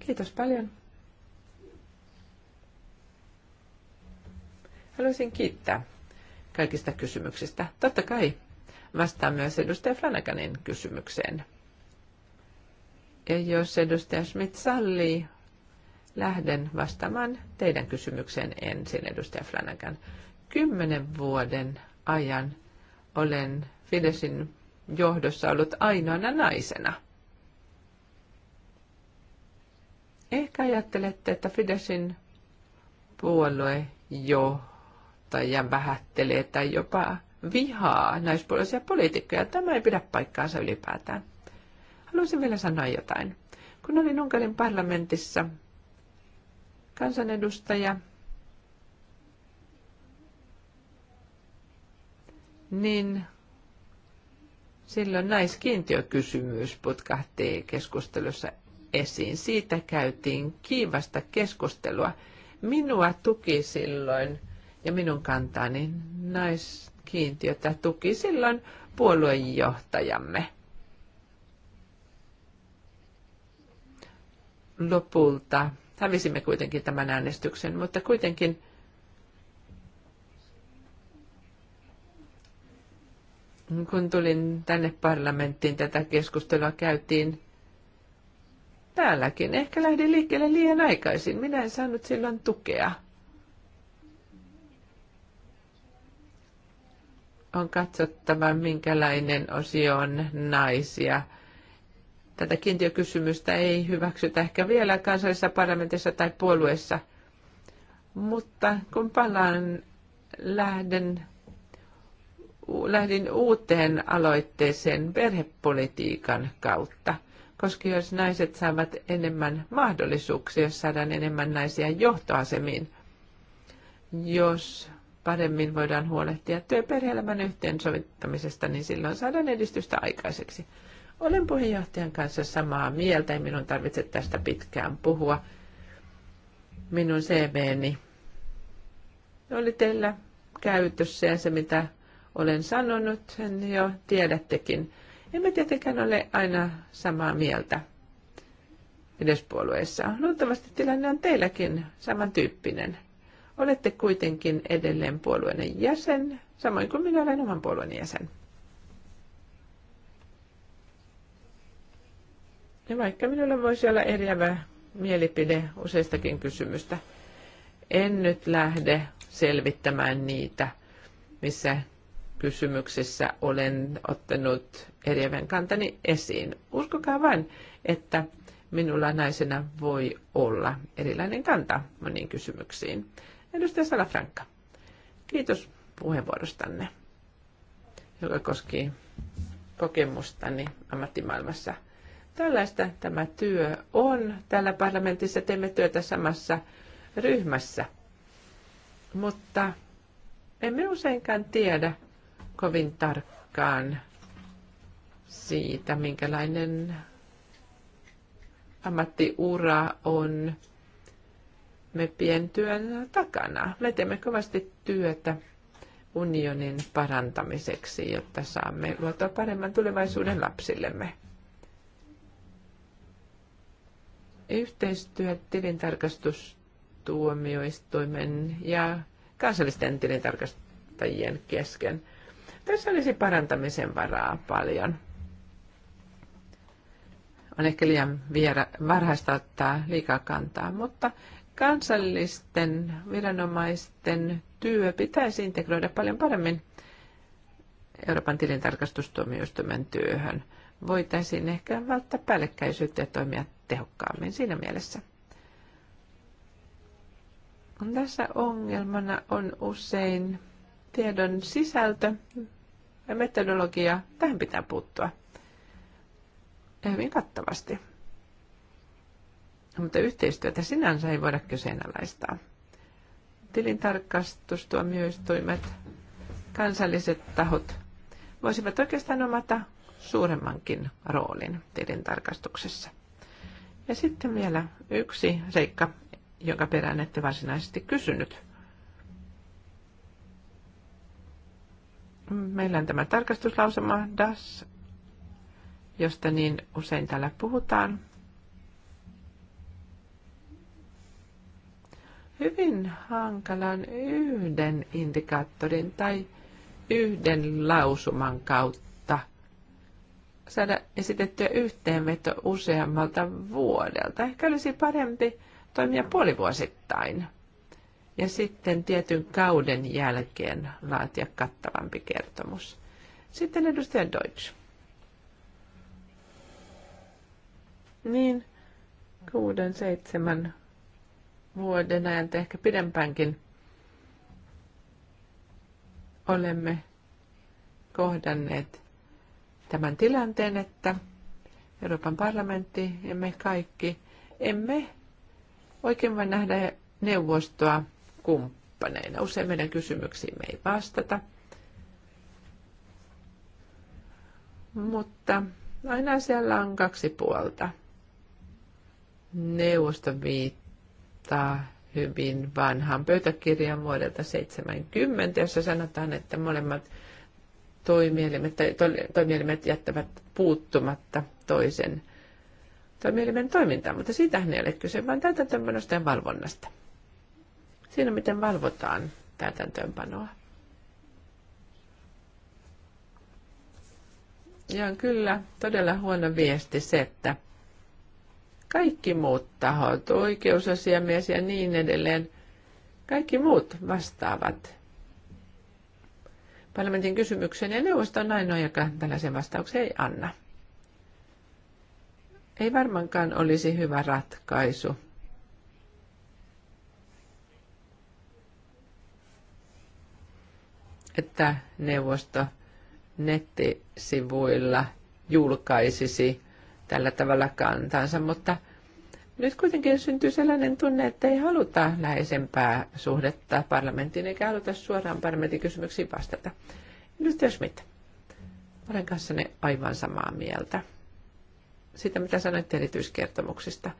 Kiitos paljon. Haluaisin kiittää kaikista kysymyksistä. Totta kai vastaan myös edustaja Flanaganin kysymykseen. Ja jos edustaja Schmidt sallii, lähden vastaamaan teidän kysymykseen ensin, edustaja Flanagan. Kymmenen vuoden ajan olen Fidesin johdossa ollut ainoana naisena. Ehkä ajattelette, että Fidesin puoluejohtaja vähättelee tai jopa vihaa naispuolisia poliitikkoja. Tämä ei pidä paikkaansa ylipäätään. Haluaisin vielä sanoa jotain. Kun olin Unkarin parlamentissa kansanedustaja, niin silloin naiskiintiökysymys putkahti keskustelussa esiin. Siitä käytiin kiivasta keskustelua. Minua tuki silloin ja minun kantani naiskiintiötä tuki silloin puoluejohtajamme. Lopulta Hävisimme kuitenkin tämän äänestyksen, mutta kuitenkin kun tulin tänne parlamenttiin, tätä keskustelua käytiin täälläkin. Ehkä lähdin liikkeelle liian aikaisin. Minä en saanut silloin tukea. On katsottava, minkälainen osio on naisia – tätä kiintiökysymystä ei hyväksytä ehkä vielä kansallisessa parlamentissa tai puolueessa. Mutta kun palaan lähden, lähdin uuteen aloitteeseen perhepolitiikan kautta, koska jos naiset saavat enemmän mahdollisuuksia, jos saadaan enemmän naisia johtoasemiin, jos paremmin voidaan huolehtia työ- yhteensovittamisesta, niin silloin saadaan edistystä aikaiseksi. Olen puheenjohtajan kanssa samaa mieltä, ei minun tarvitse tästä pitkään puhua. Minun CVni oli teillä käytössä ja se mitä olen sanonut, sen jo tiedättekin. Emme tietenkään ole aina samaa mieltä edes puolueessa. Luultavasti tilanne on teilläkin samantyyppinen. Olette kuitenkin edelleen puolueen jäsen, samoin kuin minä olen oman puolueen jäsen. Ja vaikka minulla voisi olla eriävä mielipide useistakin kysymystä, en nyt lähde selvittämään niitä, missä kysymyksissä olen ottanut eriävän kantani esiin. Uskokaa vain, että minulla naisena voi olla erilainen kanta moniin kysymyksiin. Edustaja Salafranka, kiitos puheenvuorostanne, joka koski kokemustani ammattimaailmassa – Tällaista tämä työ on. Täällä parlamentissa teemme työtä samassa ryhmässä. Mutta emme useinkaan tiedä kovin tarkkaan siitä, minkälainen ammattiura on me pientyön takana. Me teemme kovasti työtä unionin parantamiseksi, jotta saamme luotua paremman tulevaisuuden lapsillemme. Yhteistyö tilintarkastustuomioistuimen ja kansallisten tilintarkastajien kesken. Tässä olisi parantamisen varaa paljon. On ehkä liian viera, varhaista ottaa liikaa kantaa, mutta kansallisten viranomaisten työ pitäisi integroida paljon paremmin Euroopan tilintarkastustuomioistuimen työhön. Voitaisiin ehkä välttää päällekkäisyyttä ja toimia tehokkaammin siinä mielessä. Tässä ongelmana on usein tiedon sisältö ja metodologia. Tähän pitää puuttua ja hyvin kattavasti. Mutta yhteistyötä sinänsä ei voida kyseenalaistaa. Tilintarkastustuomioistuimet, kansalliset tahot voisivat oikeastaan omata suuremmankin roolin tilintarkastuksessa. Ja sitten vielä yksi seikka, jonka perään ette varsinaisesti kysynyt. Meillä on tämä tarkastuslausema DAS, josta niin usein täällä puhutaan. Hyvin hankalan yhden indikaattorin tai yhden lausuman kautta saada esitettyä yhteenveto useammalta vuodelta. Ehkä olisi parempi toimia puolivuosittain ja sitten tietyn kauden jälkeen laatia kattavampi kertomus. Sitten edustaja Deutsch. Niin, kuuden, seitsemän vuoden ajan, ehkä pidempäänkin, olemme kohdanneet tämän tilanteen, että Euroopan parlamentti ja me kaikki emme oikein vain nähdä neuvostoa kumppaneina. Usein meidän me ei vastata. Mutta aina siellä on kaksi puolta. Neuvosto viittaa hyvin vanhaan pöytäkirjan vuodelta 70, jossa sanotaan, että molemmat toimielimet, tai toimielimet jättävät puuttumatta toisen toimielimen toimintaan, mutta siitähän ei ole kyse, vaan täytäntöönpanosta ja valvonnasta. Siinä, miten valvotaan täytäntöönpanoa. Ja on kyllä todella huono viesti se, että kaikki muut tahot, oikeusasiamies ja niin edelleen, kaikki muut vastaavat parlamentin kysymykseen ja neuvosto on ainoa, joka tällaisen vastauksen ei anna. Ei varmaankaan olisi hyvä ratkaisu. että neuvosto nettisivuilla julkaisisi tällä tavalla kantansa, mutta – nyt kuitenkin syntyy sellainen tunne, että ei haluta läheisempää suhdetta parlamenttiin, eikä haluta suoraan parlamentin kysymyksiin vastata. jos mitä. olen kanssanne aivan samaa mieltä. Sitä, mitä sanoitte erityiskertomuksista.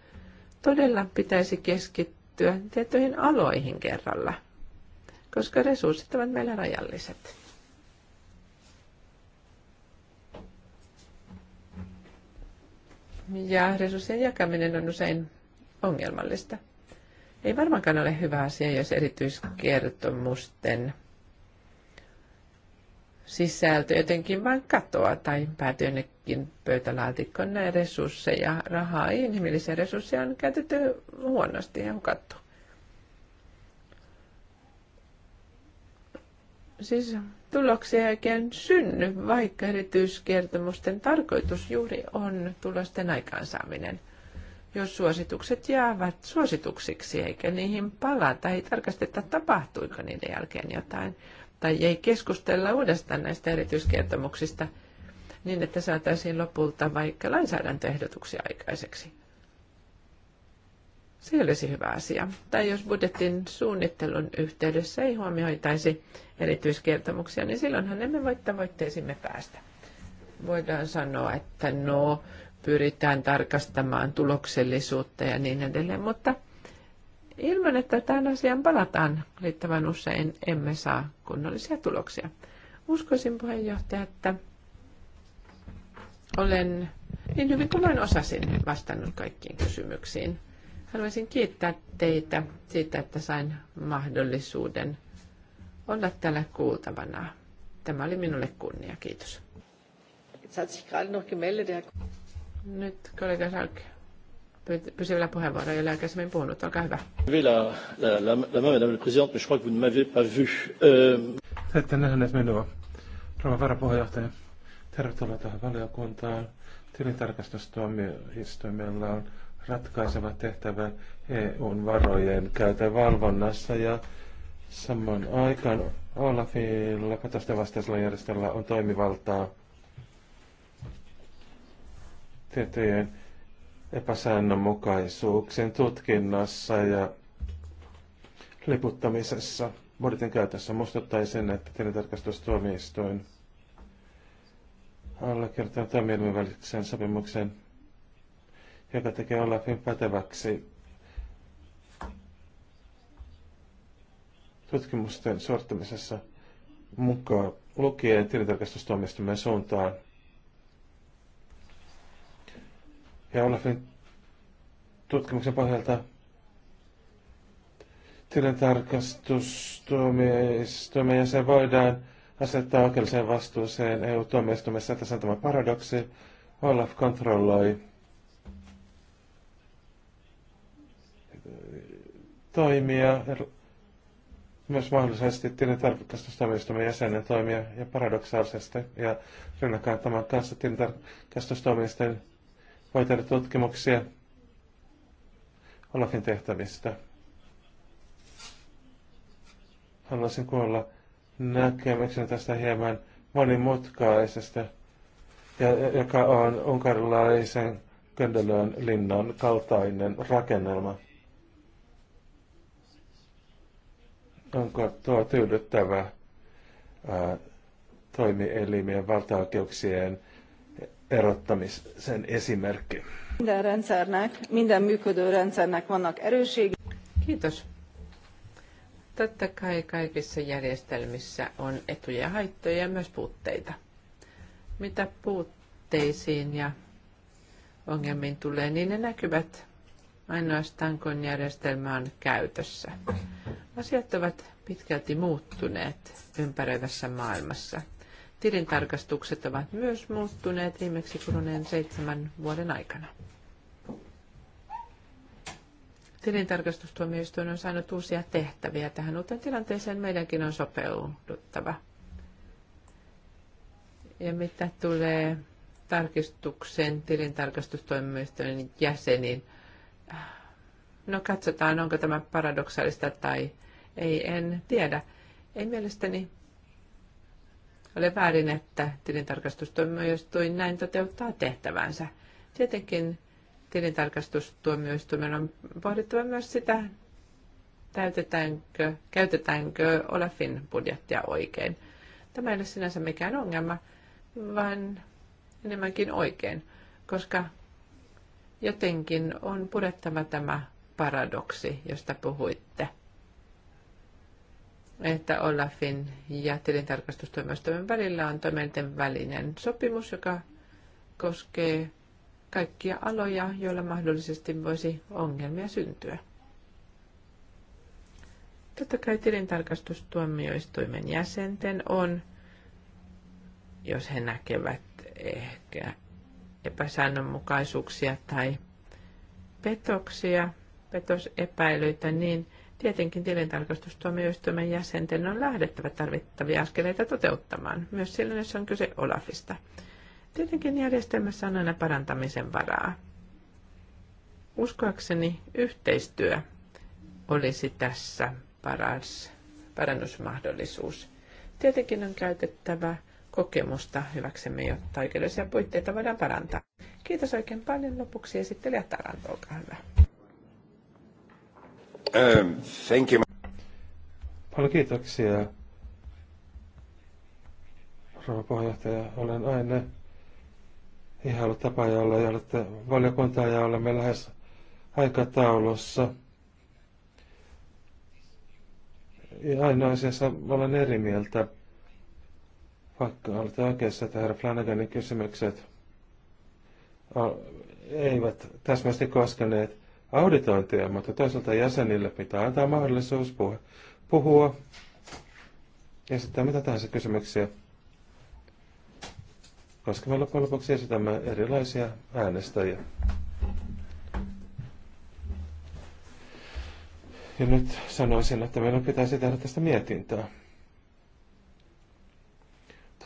Todella pitäisi keskittyä tiettyihin aloihin kerralla, koska resurssit ovat meillä rajalliset. ja resurssien jakaminen on usein ongelmallista. Ei varmaankaan ole hyvä asia, jos erityiskertomusten sisältö jotenkin vain katoaa tai päätyy jonnekin pöytälaatikkoon näin resursseja, rahaa, inhimillisiä resursseja on käytetty huonosti ja hukattu. Siis tuloksia ei oikein synny, vaikka erityiskertomusten tarkoitus juuri on tulosten aikaansaaminen. Jos suositukset jäävät suosituksiksi eikä niihin palata, ei tarkasteta tapahtuiko niiden jälkeen jotain, tai ei keskustella uudestaan näistä erityiskertomuksista niin, että saataisiin lopulta vaikka lainsäädäntöehdotuksia aikaiseksi. Se olisi hyvä asia. Tai jos budjetin suunnittelun yhteydessä ei huomioitaisi erityiskertomuksia, niin silloinhan emme voi tavoitteisimme päästä. Voidaan sanoa, että no, pyritään tarkastamaan tuloksellisuutta ja niin edelleen, mutta ilman, että tämän asian palataan riittävän usein, emme saa kunnollisia tuloksia. Uskoisin puheenjohtaja, että olen niin hyvin kuin vain osasin vastannut kaikkiin kysymyksiin. Haluaisin kiittää teitä siitä, että sain mahdollisuuden olla täällä kuultavana. Tämä oli minulle kunnia. Kiitos. Nyt kollega Salke. Pysyvällä puheenvuoro, jolla aikaisemmin puhunut. Olkaa hyvä. La, euh, ette
nähneet minua. Rouva varapuheenjohtaja, tervetuloa tähän valiokuntaan. Tilintarkastustuomioistuimella on ratkaiseva tehtävä EUn varojen käytön valvonnassa ja Samoin aikaan Olafilla katosten vastaisella järjestöllä on toimivaltaa tietojen epäsäännönmukaisuuksien tutkinnassa ja liputtamisessa. Budjetin käytössä muistuttaisin, että tilintarkastustuomioistuin allekirjoittaa toimielimen välisen sopimuksen, joka tekee Olafin päteväksi tutkimusten suorittamisessa mukaan lukien tilintarkastustuomioistuimen suuntaan. Ja Olafin tutkimuksen pohjalta tilintarkastustuomioistuimen jäsen voidaan asettaa oikeelliseen vastuuseen EU-tuomioistuimessa. että on tämä paradoksi. Olaf kontrolloi toimia myös mahdollisesti tilintarkastustoimistomme jäsenen toimia ja paradoksaalisesti ja rinnakkain tämän kanssa tilintarkastustoimistojen voi tehdä tutkimuksia Olafin tehtävistä. Haluaisin kuulla näkemyksen tästä hieman monimutkaisesta, joka on unkarilaisen Gendelön linnan kaltainen rakennelma. onko tuo tyydyttävä ää, toimielimien valtaoikeuksien erottamisen esimerkki?
Minden rendszernek, minden működő rendszernek vannak erőség. Kiitos. Totta kai kaikissa järjestelmissä on etuja ja haittoja ja myös puutteita. Mitä puutteisiin ja ongelmiin tulee, niin ne näkyvät ainoastaan kun järjestelmä on käytössä. Asiat ovat pitkälti muuttuneet ympäröivässä maailmassa. Tilintarkastukset ovat myös muuttuneet viimeksi kuluneen seitsemän vuoden aikana. Tilintarkastustuomioistuin on saanut uusia tehtäviä. Tähän uuteen tilanteeseen meidänkin on sopeuduttava. Ja mitä tulee tarkistukseen tilintarkastustoimistojen jäseniin, No katsotaan, onko tämä paradoksaalista tai ei, en tiedä. Ei mielestäni ole väärin, että tilintarkastustuomioistuin näin toteuttaa tehtävänsä. Tietenkin tilintarkastustuomioistuimen on pohdittava myös sitä, täytetäänkö, käytetäänkö Olafin budjettia oikein. Tämä ei ole sinänsä mikään ongelma, vaan enemmänkin oikein, koska Jotenkin on purettava tämä paradoksi, josta puhuitte että Olafin ja tilintarkastustoimistojen välillä on toimijoiden välinen sopimus, joka koskee kaikkia aloja, joilla mahdollisesti voisi ongelmia syntyä. Totta kai tilintarkastustuomioistuimen jäsenten on, jos he näkevät ehkä epäsäännönmukaisuuksia tai petoksia, petosepäilyitä, niin tietenkin tilintarkastustuomioistuimen jäsenten on lähdettävä tarvittavia askeleita toteuttamaan, myös silloin, jos on kyse Olafista. Tietenkin järjestelmässä on aina parantamisen varaa. Uskoakseni yhteistyö olisi tässä paras parannusmahdollisuus. Tietenkin on käytettävä kokemusta hyväksemme, jotta oikeudellisia puitteita voidaan parantaa. Kiitos oikein paljon. Lopuksi esittelijä Taranto, olkaa hyvä. Ähm, thank you.
Paljon kiitoksia, rouva puheenjohtaja. Olen aina ihailu tapaajalle ja olette valiokuntaa ja olemme lähes aikataulussa. Ja aina asiassa olen eri mieltä vaikka olette oikeassa, että herra Flanaganin kysymykset eivät täsmästi koskeneet auditointia, mutta toisaalta jäsenille pitää antaa mahdollisuus puhua, ja esittää mitä tahansa kysymyksiä, koska me loppujen lopuksi esitämme erilaisia äänestäjiä. Ja nyt sanoisin, että meidän pitäisi tehdä tästä mietintää.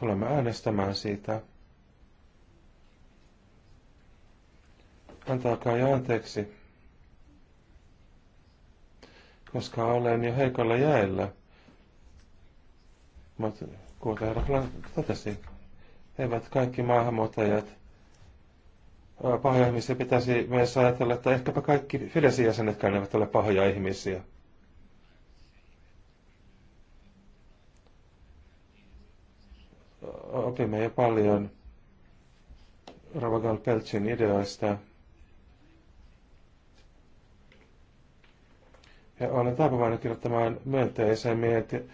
Tulemme äänestämään siitä. Antaakaa jo anteeksi, koska olen jo heikolla jäällä, Mutta kuten herra totesi, eivät kaikki maahanmuuttajat pahoja ihmisiä pitäisi myös ajatella, että ehkäpä kaikki Fidesin jäsenetkään eivät ole pahoja ihmisiä. opimme jo paljon Ravagal Peltsin ideoista. Ja olen taipuvainen kirjoittamaan myönteisen mieti-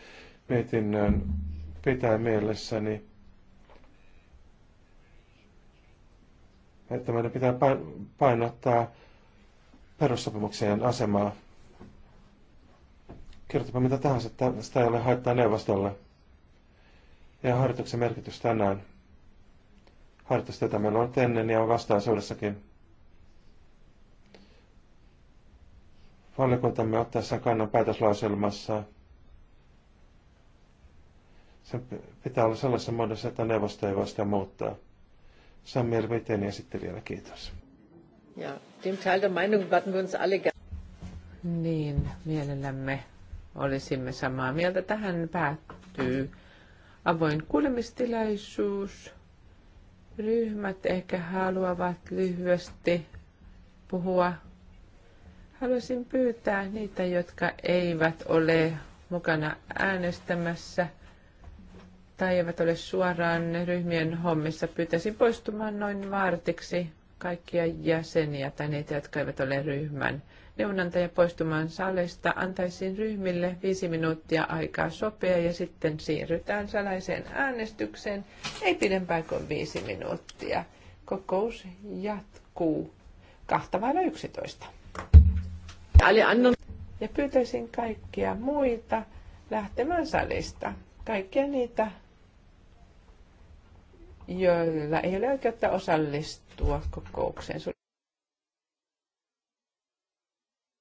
mietinnön pitää mielessäni, että meidän pitää painottaa perussopimuksien asemaa. Kirjoitapa mitä tahansa, sitä ei ole haittaa neuvostolle ja harjoituksen merkitys tänään. Harjoitus tätä meillä on ennen ja on vastaisuudessakin. Valiokuntamme ottaessa kannan päätöslauselmassa sen pitää olla sellaisessa muodossa, että neuvosto ei voi sitä muuttaa. Samir Miten vielä kiitos.
Ja, dem Teil der Meinung werden wir uns alle Niin, mielellämme olisimme samaa mieltä. Tähän päättyy avoin kuulemistilaisuus. Ryhmät ehkä haluavat lyhyesti puhua. Haluaisin pyytää niitä, jotka eivät ole mukana äänestämässä tai eivät ole suoraan ryhmien hommissa, pyytäisin poistumaan noin vartiksi kaikkia jäseniä tai niitä, jotka eivät ole ryhmän neuvonantaja poistumaan salista. Antaisin ryhmille viisi minuuttia aikaa sopia ja sitten siirrytään salaiseen äänestykseen. Ei pidempään kuin viisi minuuttia. Kokous jatkuu kahta vailla yksitoista. Ja pyytäisin kaikkia muita lähtemään salista. Kaikkia niitä, joilla ei ole oikeutta osallistua kokoukseen.